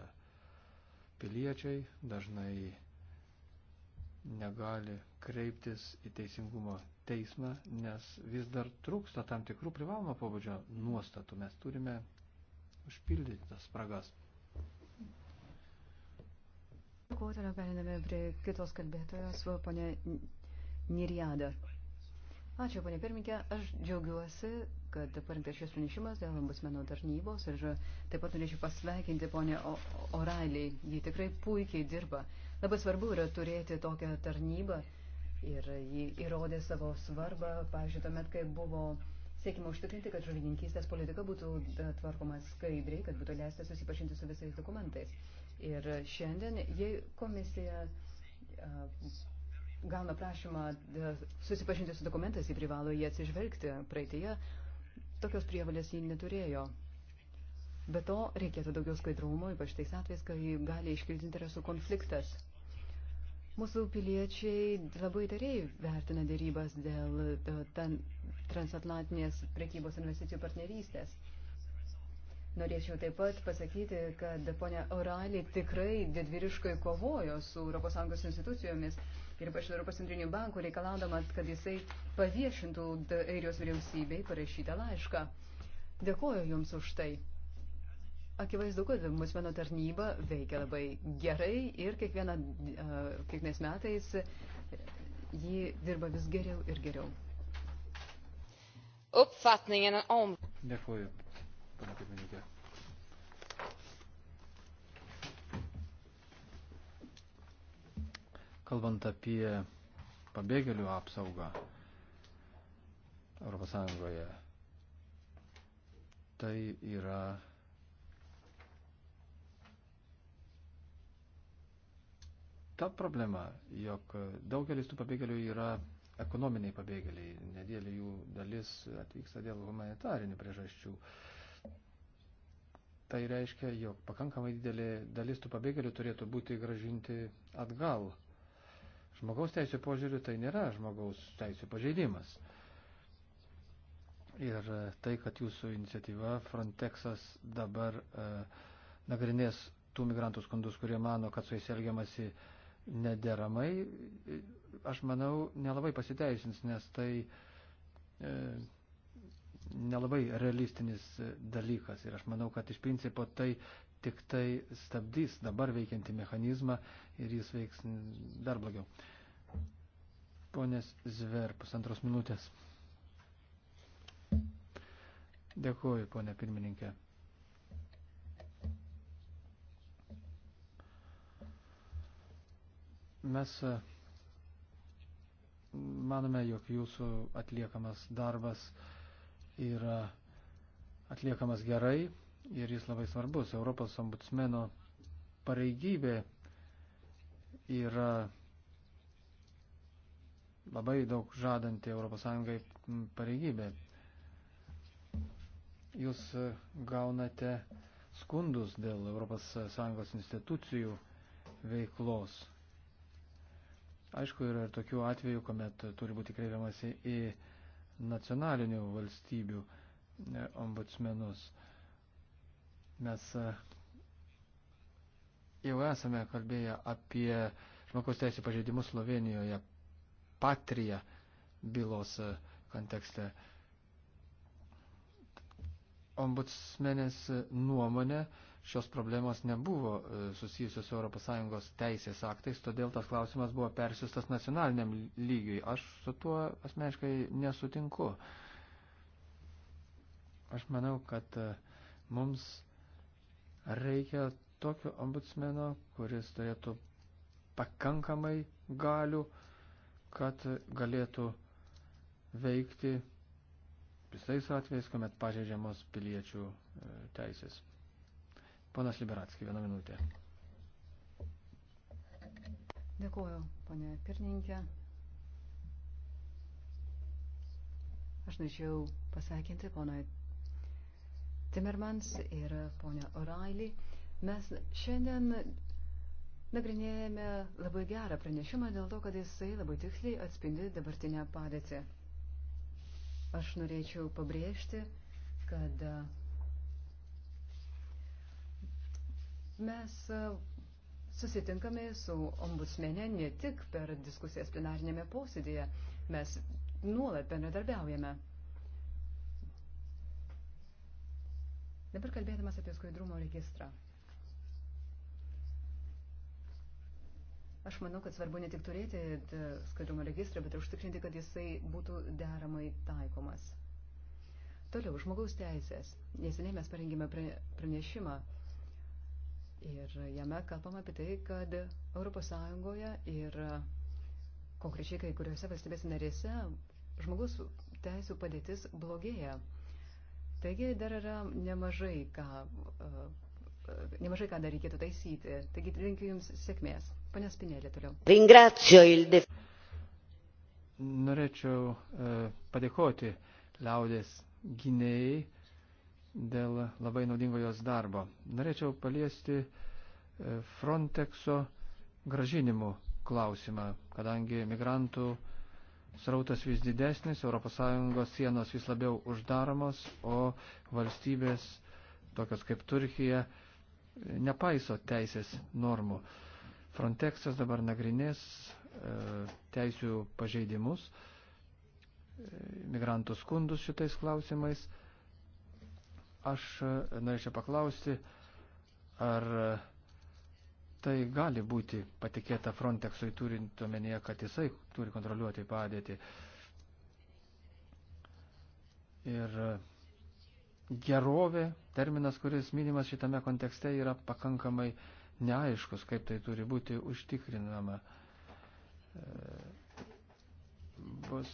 B: Piliečiai dažnai negali kreiptis į teisingumo teismą, nes vis dar trūksta tam tikrų privalomo pobūdžio nuostatų. Mes turime užpildyti tas spragas.
A: Dėkuoju, toliau periname prie kitos kalbėtojos, ponė Niriada. Ačiū, ponė pirmininkė. Aš džiaugiuosi, kad parinktas šis pranešimas dėl ambusmeno tarnybos ir taip pat norėčiau pasveikinti ponę Orailiai. Ji tikrai puikiai dirba. Labai svarbu yra turėti tokią tarnybą ir ji įrodė savo svarbą, pavyzdžiui, tuomet, kai buvo siekime užtikrinti, kad žuvininkystės politika būtų e, tvarkoma skaidriai, kad būtų leista susipažinti su visais dokumentais. Ir šiandien, jei komisija gauna prašymą susipažinti su dokumentais, jį privalo jį atsižvelgti. Praeitėje tokios prievalės jį neturėjo. Be to, reikėtų daugiau skaidrumo, ypač tais atvejais, kai gali iškilti interesų konfliktas. Mūsų piliečiai labai dariai vertina dėrybas dėl transatlantinės prekybos investicijų partnerystės. Norėčiau taip pat pasakyti, kad ponia Orali tikrai didvyriškai kovojo su ES institucijomis ir ypač Europos centriniu banku reikalaudama, kad jisai paviešintų Airijos vyriausybei parašytą laišką. Dėkuoju Jums už tai. Akivaizdu, kad mūsų meno tarnyba veikia labai gerai ir kiekvieną, kiekvienais metais ji dirba vis geriau ir geriau. Dėkuoju,
B: pana pirmininkė. Kalbant apie pabėgėlių apsaugą Europos Sąjungoje, tai yra ta problema, jog daugelis tų pabėgėlių yra ekonominiai pabėgėliai, nedėlė jų dalis atvyksta dėl humanitarinių priežasčių. Uh, Tai reiškia, jog pakankamai didelė dalis tų pabėgėlių turėtų būti gražinti atgal. Žmogaus teisų požiūrių tai nėra žmogaus teisų pažeidimas. Ir e, tai, kad jūsų iniciatyva Frontexas dabar e, nagrinės tų migrantų skundus, kurie mano, kad su jais elgiamasi nederamai, e, aš manau, nelabai pasiteisins, nes tai e, nelabai realistinis dalykas ir aš manau, kad iš principo tai tik tai stabdys dabar veikiantį mechanizmą ir jis veiks dar blogiau. Ponės Zver, pusantros minutės. Dėkuoju, ponė pirmininkė. Mes e, manome, jog jūsų atliekamas darbas uh, yra atliekamas gerai ir jis labai svarbus. Europos ombudsmeno pareigybė yra labai daug žadanti ES mm, pareigybė. Jūs e, gaunate skundus dėl ES institucijų veiklos. Aišku, yra ir tokių atvejų, kuomet turi būti kreipiamasi į nacionalinių valstybių e, ombudsmenus. Mes e, jau esame kalbėję apie žmogaus teisų pažeidimus Slovenijoje patrija bylos e, kontekste. Ombudsmenės nuomonė šios problemos nebuvo e, susijusios su ES teisės aktais, todėl tas klausimas buvo persiustas nacionaliniam lygiui. Aš su tuo asmeniškai nesutinku. Aš manau, kad e, mums reikia tokio ombudsmeno, kuris turėtų pakankamai galių, kad galėtų veikti visais atvejais, kuomet pažeidžiamos piliečių e, teisės. Panas Liberatski, vieną minutę.
A: Dėkuoju, ponė pirmininkė. Aš norėčiau pasakinti pono Timmermans ir ponio O'Reilly. Mes šiandien nagrinėjame labai gerą pranešimą dėl to, kad jisai labai tiksliai atspindi dabartinę padėtį. Aš norėčiau pabrėžti, kad Mes e, susitinkame su ombudsmenė ne tik per diskusijas plenarinėme posėdėje, mes nuolat bendradarbiaujame. Dabar kalbėdamas apie skaidrumo registrą. Aš manau, kad svarbu ne tik turėti e, skaidrumo registrą, bet ir užtikrinti, kad jisai būtų deramai taikomas. Toliau, žmogaus teisės. Neseniai mes parengėme pranešimą Ir jame kalbama apie tai, kad ES ir konkrečiai kai kuriuose valstybės narėse žmogus teisų padėtis blogėja. Taigi dar yra nemažai ką, e, nemažai ką dar reikėtų taisyti. Taigi linkiu Jums sėkmės. Pane Spinėlė toliau.
B: Norėčiau e, padėkoti liaudės gynėjai dėl labai naudingo jos darbo. Norėčiau paliesti e, Frontexo gražinimų klausimą, kadangi migrantų srautas vis didesnis, ES sienos vis labiau uždaromos, o valstybės, tokios kaip Turkija, nepaiso teisės normų. Frontexas dabar nagrinės e, teisių pažeidimus, e, migrantų skundus šitais klausimais Aš e, norėčiau paklausti, ar e, tai gali būti patikėta Frontexui turint omenyje, kad jisai turi kontroliuoti padėtį. Ir e, gerovė, terminas, kuris minimas šitame kontekste, yra pakankamai neaiškus, kaip tai turi būti užtikrinama. Bus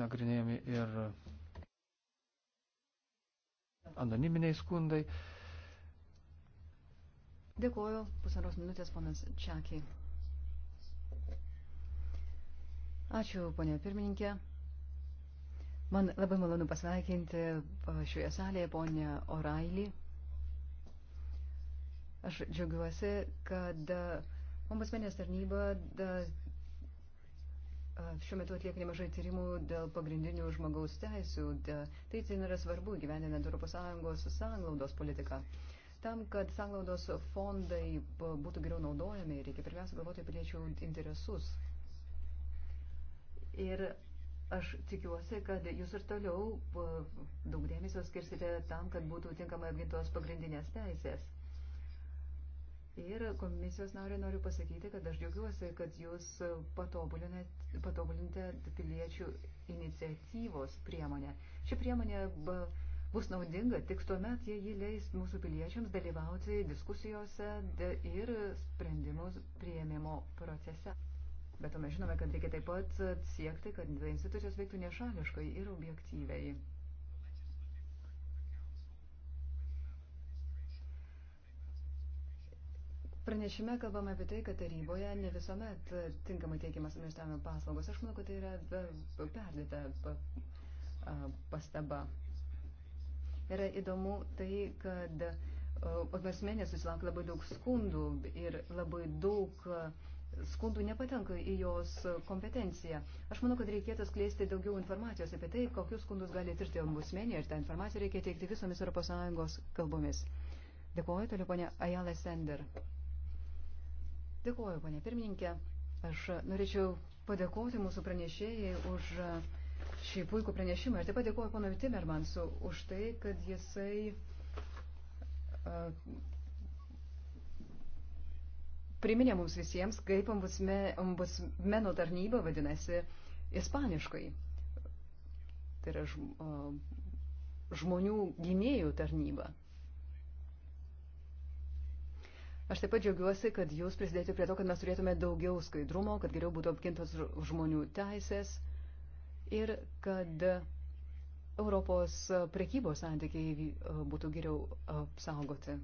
B: nagrinėjami ir anoniminiai skundai.
A: Dėkuoju, pusaros minutės, ponas Čiakiai. Ačiū, ponė pirmininkė. Man labai malonu pasveikinti šioje salėje ponę Orailį. Aš džiaugiuosi, kad ombudsmenės tarnyba Šiuo metu atlieka nemažai tyrimų dėl pagrindinių žmogaus teisų. Tai ten yra svarbu gyveninant ES sąnglaudos politiką. Tam, kad sąnglaudos fondai būtų geriau naudojami, reikia pirmiausia galvoti apie piliečių interesus. Ir aš tikiuosi, kad jūs ir toliau daug dėmesio skirsite tam, kad būtų tinkamai apgintos pagrindinės teisės. Ir komisijos nariu noriu pasakyti, kad aš džiaugiuosi, kad jūs patobulinate piliečių iniciatyvos priemonę. Ši priemonė bus naudinga tik tuo met, jei jį leis mūsų piliečiams dalyvauti diskusijose ir sprendimus prieimimo procese. Bet to mes žinome, kad reikia taip pat siekti, kad institucijos veiktų nešališkai ir objektyviai. Pranešime kalbame apie tai, kad taryboje ne visuomet tinkamai teikiamas administravimo paslaugos. Aš manau, kad tai yra e, perdėta pastaba. Yra įdomu tai, kad e, Osmenė susilaukia labai daug skundų ir labai daug e, skundų nepatenka į jos kompetenciją. Aš manau, kad reikėtų skleisti daugiau informacijos apie tai, kokius skundus gali tirti ombudsmenė ir tą informaciją reikia teikti visomis ES kalbomis. Dėkuoju, toliau ponia Ajala Sender. Dėkuoju, ponė pirmininkė. Aš norėčiau padėkoti mūsų pranešėjai už šį puikų pranešimą. Ir taip pat dėkuoju ponui Timermansu už tai, kad jisai uh, priminė mums visiems, kaip ombudsmeno tarnyba vadinasi ispaniškai. Tai yra žmonių gynėjų tarnyba. Aš taip pat džiaugiuosi, kad jūs prisidėjote prie to, kad mes turėtume daugiau skaidrumo, kad geriau būtų apgintos žmonių teisės ir kad Europos prekybos santykiai e, būtų geriau apsaugoti.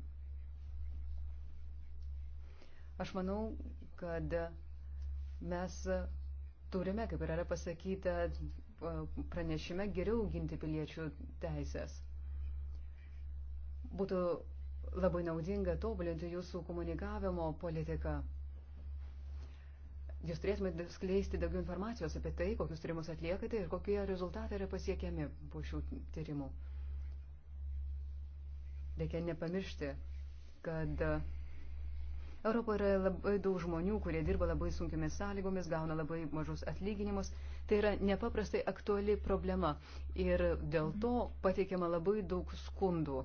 A: Aš manau, kad mes turime, kaip ir yra pasakyta e, pranešime, geriau ginti piliečių teisės. Būtų labai naudinga tobulinti jūsų komunikavimo politiką. Jūs turėtumėte skleisti daugiau informacijos apie tai, kokius tyrimus atliekate ir kokie rezultatai yra pasiekiami po šių tyrimų. Reikia nepamiršti, kad Europoje yra labai daug žmonių, kurie dirba labai sunkiamis sąlygomis, gauna labai mažus atlyginimus. Tai yra nepaprastai aktuali problema ir dėl to pateikiama labai daug skundų.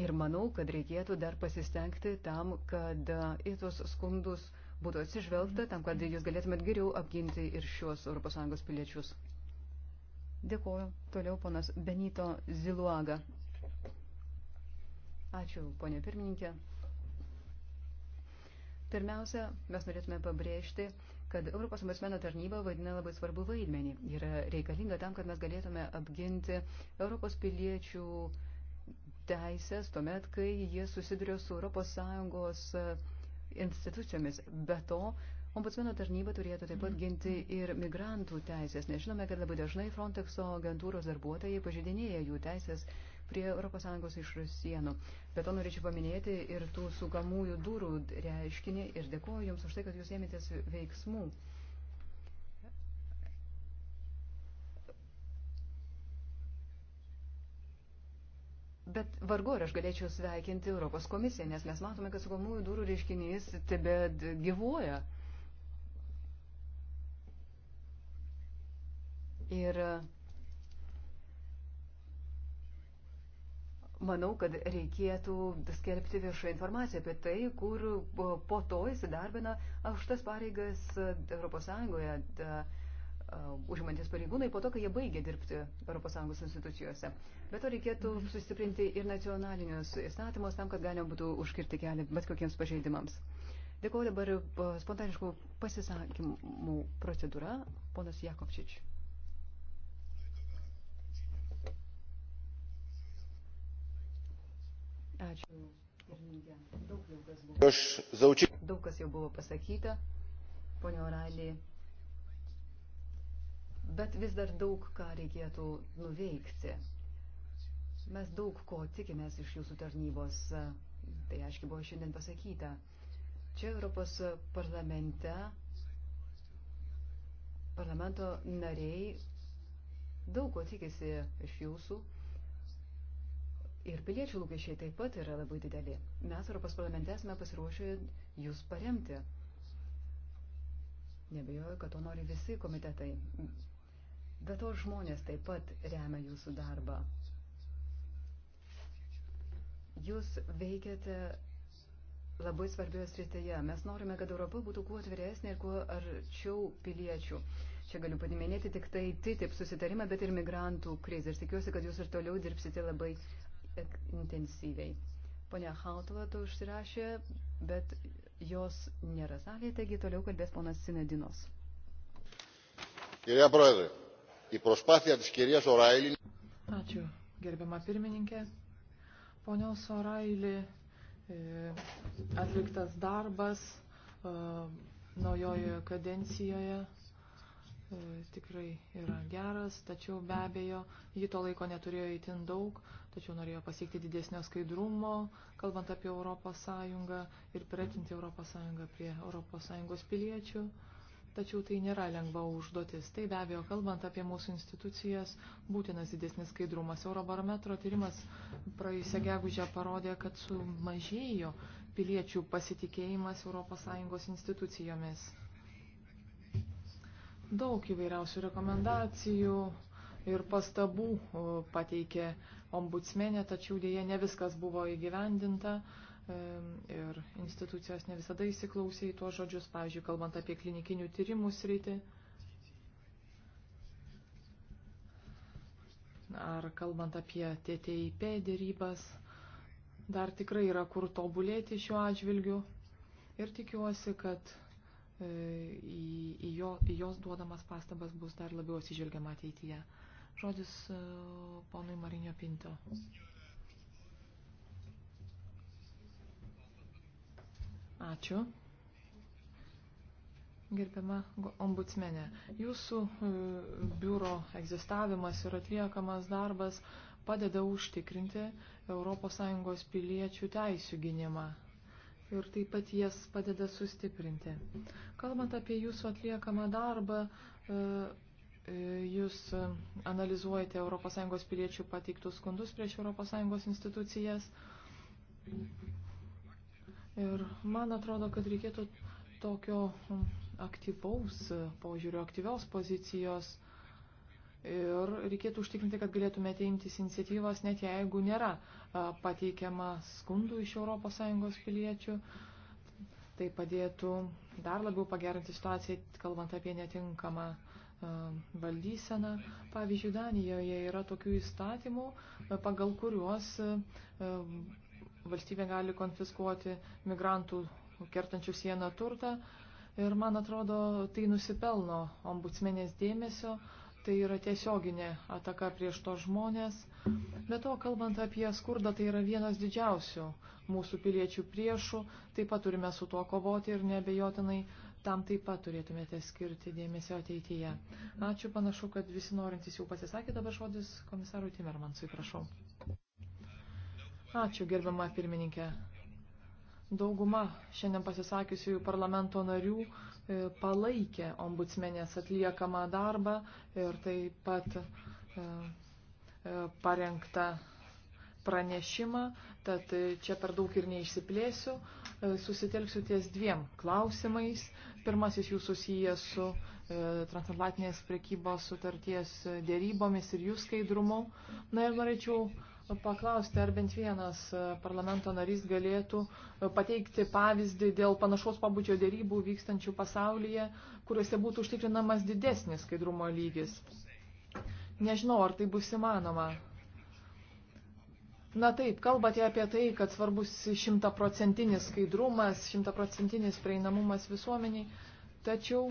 A: Ir manau, kad reikėtų dar pasistengti tam, kad į tuos skundus būtų atsižvelgta, tam, kad jūs galėtumėt geriau apginti ir šios ES piliečius. Dėkuoju. Toliau ponas Benito Ziluaga. Ačiū, ponė pirmininkė. Pirmiausia, mes norėtume pabrėžti, kad Europos ombudsmeno tarnyba vaidina labai svarbu vaidmenį. Yra reikalinga tam, kad mes galėtume apginti Europos piliečių uh, teisės tuomet, kai jie susiduria su ES e, institucijomis. Be to, ombudsmeno tarnyba turėtų taip pat ginti ir migrantų teisės, nes žinome, kad labai dažnai Frontexo agentūros darbuotojai pažydinėja jų teisės prie ES išorės sienų. Be to norėčiau paminėti ir tų sugamųjų durų reiškinį ir dėkuoju Jums už tai, kad Jūs ėmėtės veiksmų. Bet vargu ar aš galėčiau sveikinti Europos komisiją, nes mes matome, kad sukomųjų durų reiškinys tebe gyvuoja. Ir e, manau, kad reikėtų skelbti viešą informaciją apie tai, kur e, po to įsidarbina aukštas pareigas ES užimantis pareigūnai po to, kai jie baigia dirbti ES institucijose. Bet to reikėtų mhm. sustiprinti ir nacionalinius įstatymus tam, kad galima būtų užkirti kelią bet kokiems pažeidimams. Dėkuoju dabar spontaniškų pasisakymų procedūra, ponas Jakovčič. Ačiū. Daug, daug, kas buvo. Daug kas jau buvo pasakyta, ponio Oralį bet vis dar daug ką reikėtų nuveikti. Mes daug ko tikimės iš jūsų tarnybos, tai aiškiai buvo šiandien pasakyta. Čia Europos parlamente parlamento nariai daug ko tikisi iš jūsų ir piliečių lūkesčiai taip pat yra labai dideli. Mes Europos parlamente esame pasiruošę jūs paremti. Nebejoju, kad to nori visi komitetai. Bet to žmonės taip pat remia jūsų darbą. Jūs veikiate labai svarbioje srityje. Mes norime, kad Europa būtų kuo atviresnė ir kuo arčiau piliečių. Čia galiu padiminėti tik tai TTIP susitarimą, bet ir migrantų krizę. Ir tikiuosi, kad jūs ir toliau dirbsite labai intensyviai. Pone Hautala to užsirašė, bet jos nėra salėje, taigi toliau kalbės ponas Sinadinos.
B: Κυρία Πρόεδρε, η προσπάθεια της κυρίας Οράιλη...
C: Ačiū,
A: gerbiama pirmininkė.
C: Ponios Orailį e, atliktas darbas e, naujojoje kadencijoje e, tikrai yra geras, tačiau be abejo, ji to laiko neturėjo įtin daug, tačiau norėjo pasiekti didesnio skaidrumo, kalbant apie Europos Sąjungą ir pretinti Europos Sąjungą prie Europos Sąjungos piliečių. Uh, tačiau tai nėra lengva užduotis. Tai be abejo, kalbant apie mūsų institucijas, būtinas didesnis skaidrumas. Eurobarometro tyrimas praėjusią gegužę parodė, kad sumažėjo piliečių pasitikėjimas ES institucijomis. Daug įvairiausių rekomendacijų ir pastabų pateikė ombudsmenė, tačiau dėje ne viskas buvo įgyvendinta. Uh, ir institucijos ne visada įsiklausė į tuos žodžius, pavyzdžiui, kalbant apie klinikinių tyrimų sritį. Ar kalbant apie TTIP dėrybas, dar tikrai yra kur tobulėti šiuo atžvilgiu ir tikiuosi, kad e, į, į, jo, į jos duodamas pastabas bus dar labiau atsižvelgiama ateityje. Žodis e, ponui Marinio Pinto. Senor. Ačiū. Gerbiama ombudsmenė, jūsų e, biuro egzistavimas ir atliekamas darbas padeda užtikrinti ES piliečių teisų gynimą ir taip pat jas padeda sustiprinti. Kalbant apie jūsų atliekamą darbą, e, e, jūs analizuojate ES piliečių pateiktus skundus prieš ES institucijas. Ir man atrodo, kad reikėtų tokio aktyvaus e, požiūrio, aktyvios pozicijos ir reikėtų užtikrinti, kad galėtumėte imtis iniciatyvas, net jeigu nėra e, pateikiama skundų iš ES piliečių. Tai padėtų dar labiau pagerinti situaciją, kalbant apie netinkamą e, valdyseną. Pavyzdžiui, Danijoje yra tokių įstatymų, pagal kuriuos valstybė gali konfiskuoti migrantų kertančių sieną turtą. Ir man atrodo, tai nusipelno ombudsmenės dėmesio, tai yra tiesioginė ataka prieš to žmonės. Be to, kalbant apie skurdą, tai yra vienas didžiausių mūsų piliečių priešų, taip pat turime su tuo kovoti ir nebejotinai tam taip pat turėtumėte skirti dėmesio ateityje. Ačiū, panašu, kad visi norintys jau pasisakė, dabar žodis komisarui Timermansui, prašau. Ačiū, gerbama pirmininkė. Dauguma šiandien pasisakiusių parlamento narių e, palaikė ombudsmenės atliekamą darbą ir taip pat e, e, parengtą pranešimą, tad čia per daug ir neišsiplėsiu. Susitelksiu ties dviem klausimais. Pirmasis jų susijęs su transatlantinės prekybos sutarties dėrybomis ir jų skaidrumu. Na ir norėčiau paklausti, ar bent vienas e, parlamento narys galėtų e, pateikti pavyzdį dėl panašaus pabudžio dėrybų vykstančių pasaulyje, kuriuose būtų užtikrinamas didesnis skaidrumo lygis. Nežinau, ar tai bus įmanoma. Na taip, kalbate apie tai, kad svarbus šimtaprocentinis skaidrumas, šimtaprocentinis prieinamumas visuomeniai, tačiau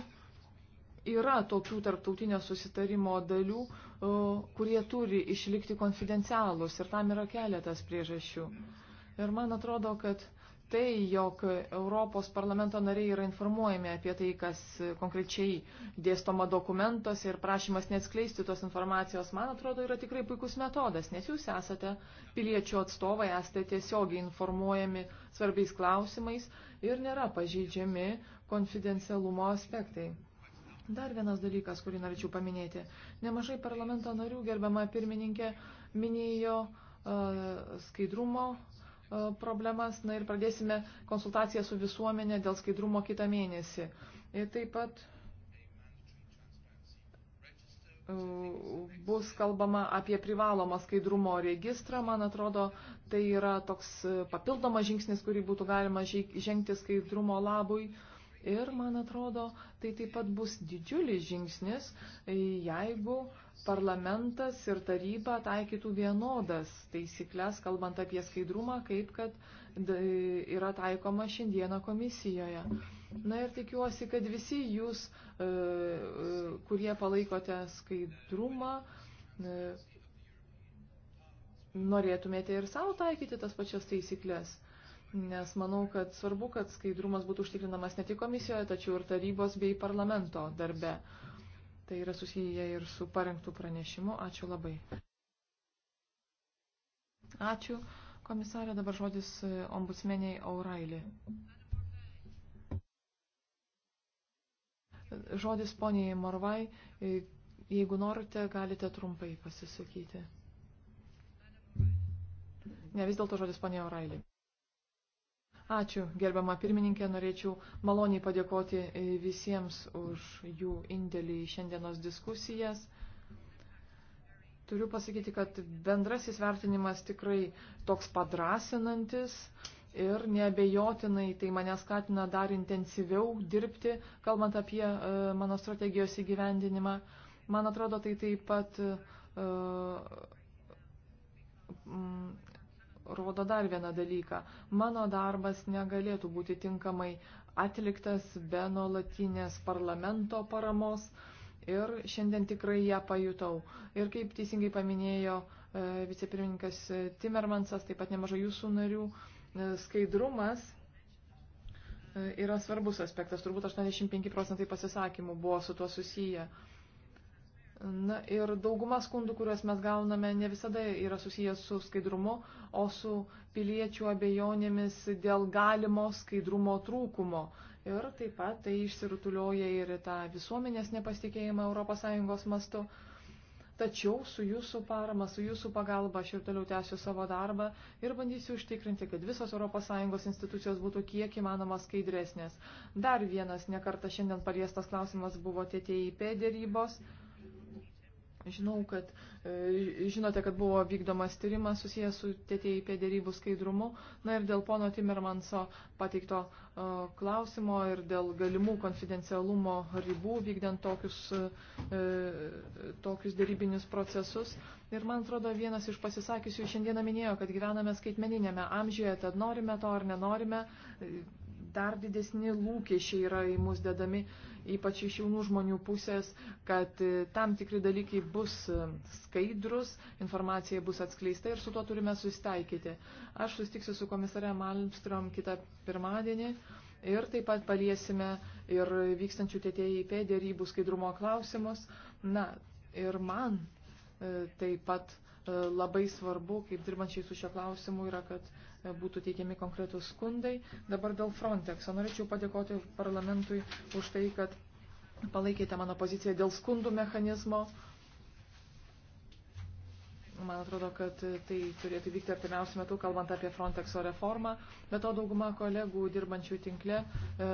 C: yra tokių tarptautinio susitarimo dalių, kurie turi išlikti konfidencialūs ir tam yra keletas priežasčių. Ir man atrodo, kad tai, jog Europos parlamento nariai yra informuojami apie tai, kas konkrečiai dėstoma dokumentuose ir prašymas neatskleisti tos informacijos, man atrodo, yra tikrai puikus metodas, nes jūs esate piliečių atstovai, esate tiesiogiai informuojami svarbiais klausimais ir nėra pažeidžiami konfidencialumo aspektai. Dar vienas dalykas, kurį norėčiau paminėti. Nemažai parlamento narių, gerbama pirmininkė, minėjo uh, skaidrumo uh, problemas. Na ir pradėsime konsultaciją su visuomenė dėl skaidrumo kitą mėnesį. Ir e, taip pat uh, bus kalbama apie privalomą skaidrumo registrą. Man atrodo, tai yra toks papildomas žingsnis, kurį būtų galima žengti skaidrumo labui. Uh, Ir, man atrodo, tai taip pat bus didžiulis žingsnis, e, jeigu parlamentas ir taryba taikytų vienodas taisyklės, kalbant apie skaidrumą, kaip kad yra taikoma šiandieną komisijoje. Na ir tikiuosi, kad visi jūs, e, e, kurie palaikote skaidrumą, norėtumėte ir savo taikyti tas pačias taisyklės nes manau, kad svarbu, kad skaidrumas būtų užtikrinamas ne tik komisijoje, tačiau ir tarybos bei parlamento darbe. Tai yra susiję ir su parengtų pranešimu. Ačiū labai. Ačiū, komisarė. Dabar žodis e, ombudsmeniai Aurailį. Žodis poniai Morvai. E, jeigu norite, galite trumpai pasisakyti. Ne, vis dėlto žodis poniai Aurailį. Ačiū, gerbiama pirmininkė, norėčiau maloniai padėkoti e, visiems už jų indėlį į šiandienos diskusijas. Turiu pasakyti, kad bendrasis vertinimas tikrai toks padrasinantis ir neabejotinai tai mane skatina dar intensyviau dirbti, kalbant apie e, mano strategijos įgyvendinimą. Man atrodo, tai taip pat uh, rodo dar vieną dalyką. Mano darbas negalėtų būti tinkamai atliktas be nuolatinės parlamento paramos ir šiandien tikrai ją pajutau. Ir kaip teisingai paminėjo e, vicepirmininkas Timermansas, taip pat nemažai jūsų narių, e, skaidrumas e, yra svarbus aspektas. Turbūt 85 procentai pasisakymų buvo su tuo susiję. Uh, Na ir dauguma skundų, kuriuos mes gauname, ne visada yra susijęs su skaidrumu, o su piliečių abejonėmis dėl galimo skaidrumo trūkumo. Ir taip pat tai išsirutulioja ir tą visuomenės nepasitikėjimą ES mastu. Tačiau su jūsų parama, su jūsų pagalba aš ir toliau tęsiu savo darbą ir bandysiu užtikrinti, kad visos ES institucijos būtų kiek įmanoma skaidresnės. Dar vienas nekarta šiandien paliestas klausimas buvo TTIP dėrybos. Mhm Žinau, kad e, žinote, kad buvo vykdomas tyrimas susijęs su TTIP dėrybų skaidrumu. Na ir dėl pono Timermanso pateikto e, klausimo ir dėl galimų konfidencialumo ribų vykdant tokius, e, tokius dėrybinius procesus. Ir man atrodo, vienas iš pasisakysių šiandieną minėjo, kad gyvename skaitmeninėme amžiuje, tad norime to ar nenorime, dar didesni lūkesčiai yra į mus dedami ypač iš jaunų žmonių pusės, kad e, tam tikri dalykai bus e, skaidrus, informacija bus atskleista ir su tuo turime susitaikyti. Aš sustiksiu su komisare Malmstrom kitą pirmadienį ir taip pat paliesime ir vykstančių TTIP dėrybų skaidrumo klausimus. Na, ir man e, taip pat labai svarbu, kaip dirbančiai su šio klausimu, yra, kad E, būtų teikiami konkretus skundai. Dabar dėl Frontexo. Norėčiau padėkoti parlamentui už tai, kad palaikėte mano poziciją dėl skundų mechanizmo. Man atrodo, kad tai turėtų vykti artimiausiu metu, kalbant apie Frontexo reformą. Be to dauguma kolegų dirbančių tinkle e,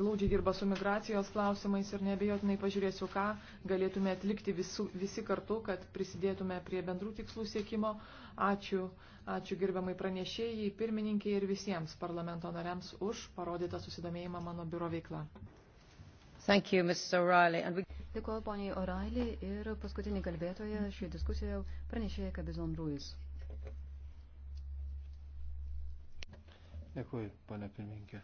C: glaudžiai dirba su migracijos klausimais ir nebejotinai pažiūrėsiu, ką galėtume atlikti visu, visi kartu, kad prisidėtume prie bendrų tikslų siekimo. Ačiū, ačiū gerbiamai pranešėjai, pirmininkiai ir visiems parlamento nariams už parodytą susidomėjimą
A: mano biuro veiklą. You, And... Dėkuoju poniai O'Reilly ir paskutinį kalbėtoją šioje diskusijoje pranešėja Kabizon Ruiz.
B: Dėkuoju, ponia pirmininkė.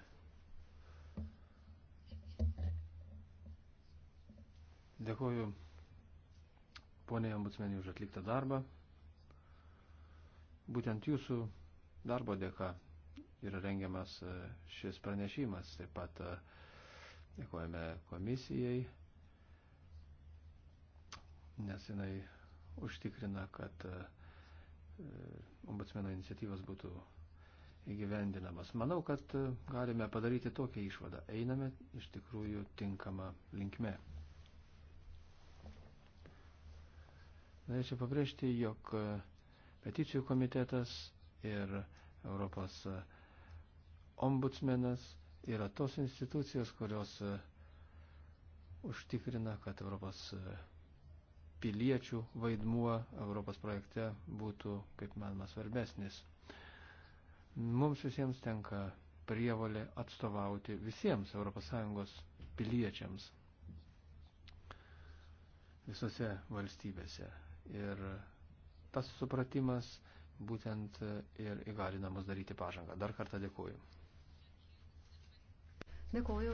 B: Dėkuoju poniai ombudsmeniai už atliktą darbą. Būtent jūsų darbo dėka yra rengiamas e, šis pranešimas, taip pat uh, Dėkojame komisijai, nes jinai užtikrina, kad e, ombudsmeno iniciatyvas būtų įgyvendinamas. Manau, kad e, galime padaryti tokią išvadą. Einame iš tikrųjų tinkamą linkme. Norėčiau pabrėžti, jog e, peticijų komitetas ir Europos ombudsmenas yra tos institucijos, kurios e, užtikrina, kad Europos e, piliečių vaidmuo Europos projekte būtų, kaip manoma, svarbesnis. Mums visiems tenka prievolė atstovauti visiems ES piliečiams visose valstybėse. Ir tas supratimas būtent e,
A: ir įgalina mus daryti pažangą. Dar kartą dėkuoju.
C: Dėkuoju.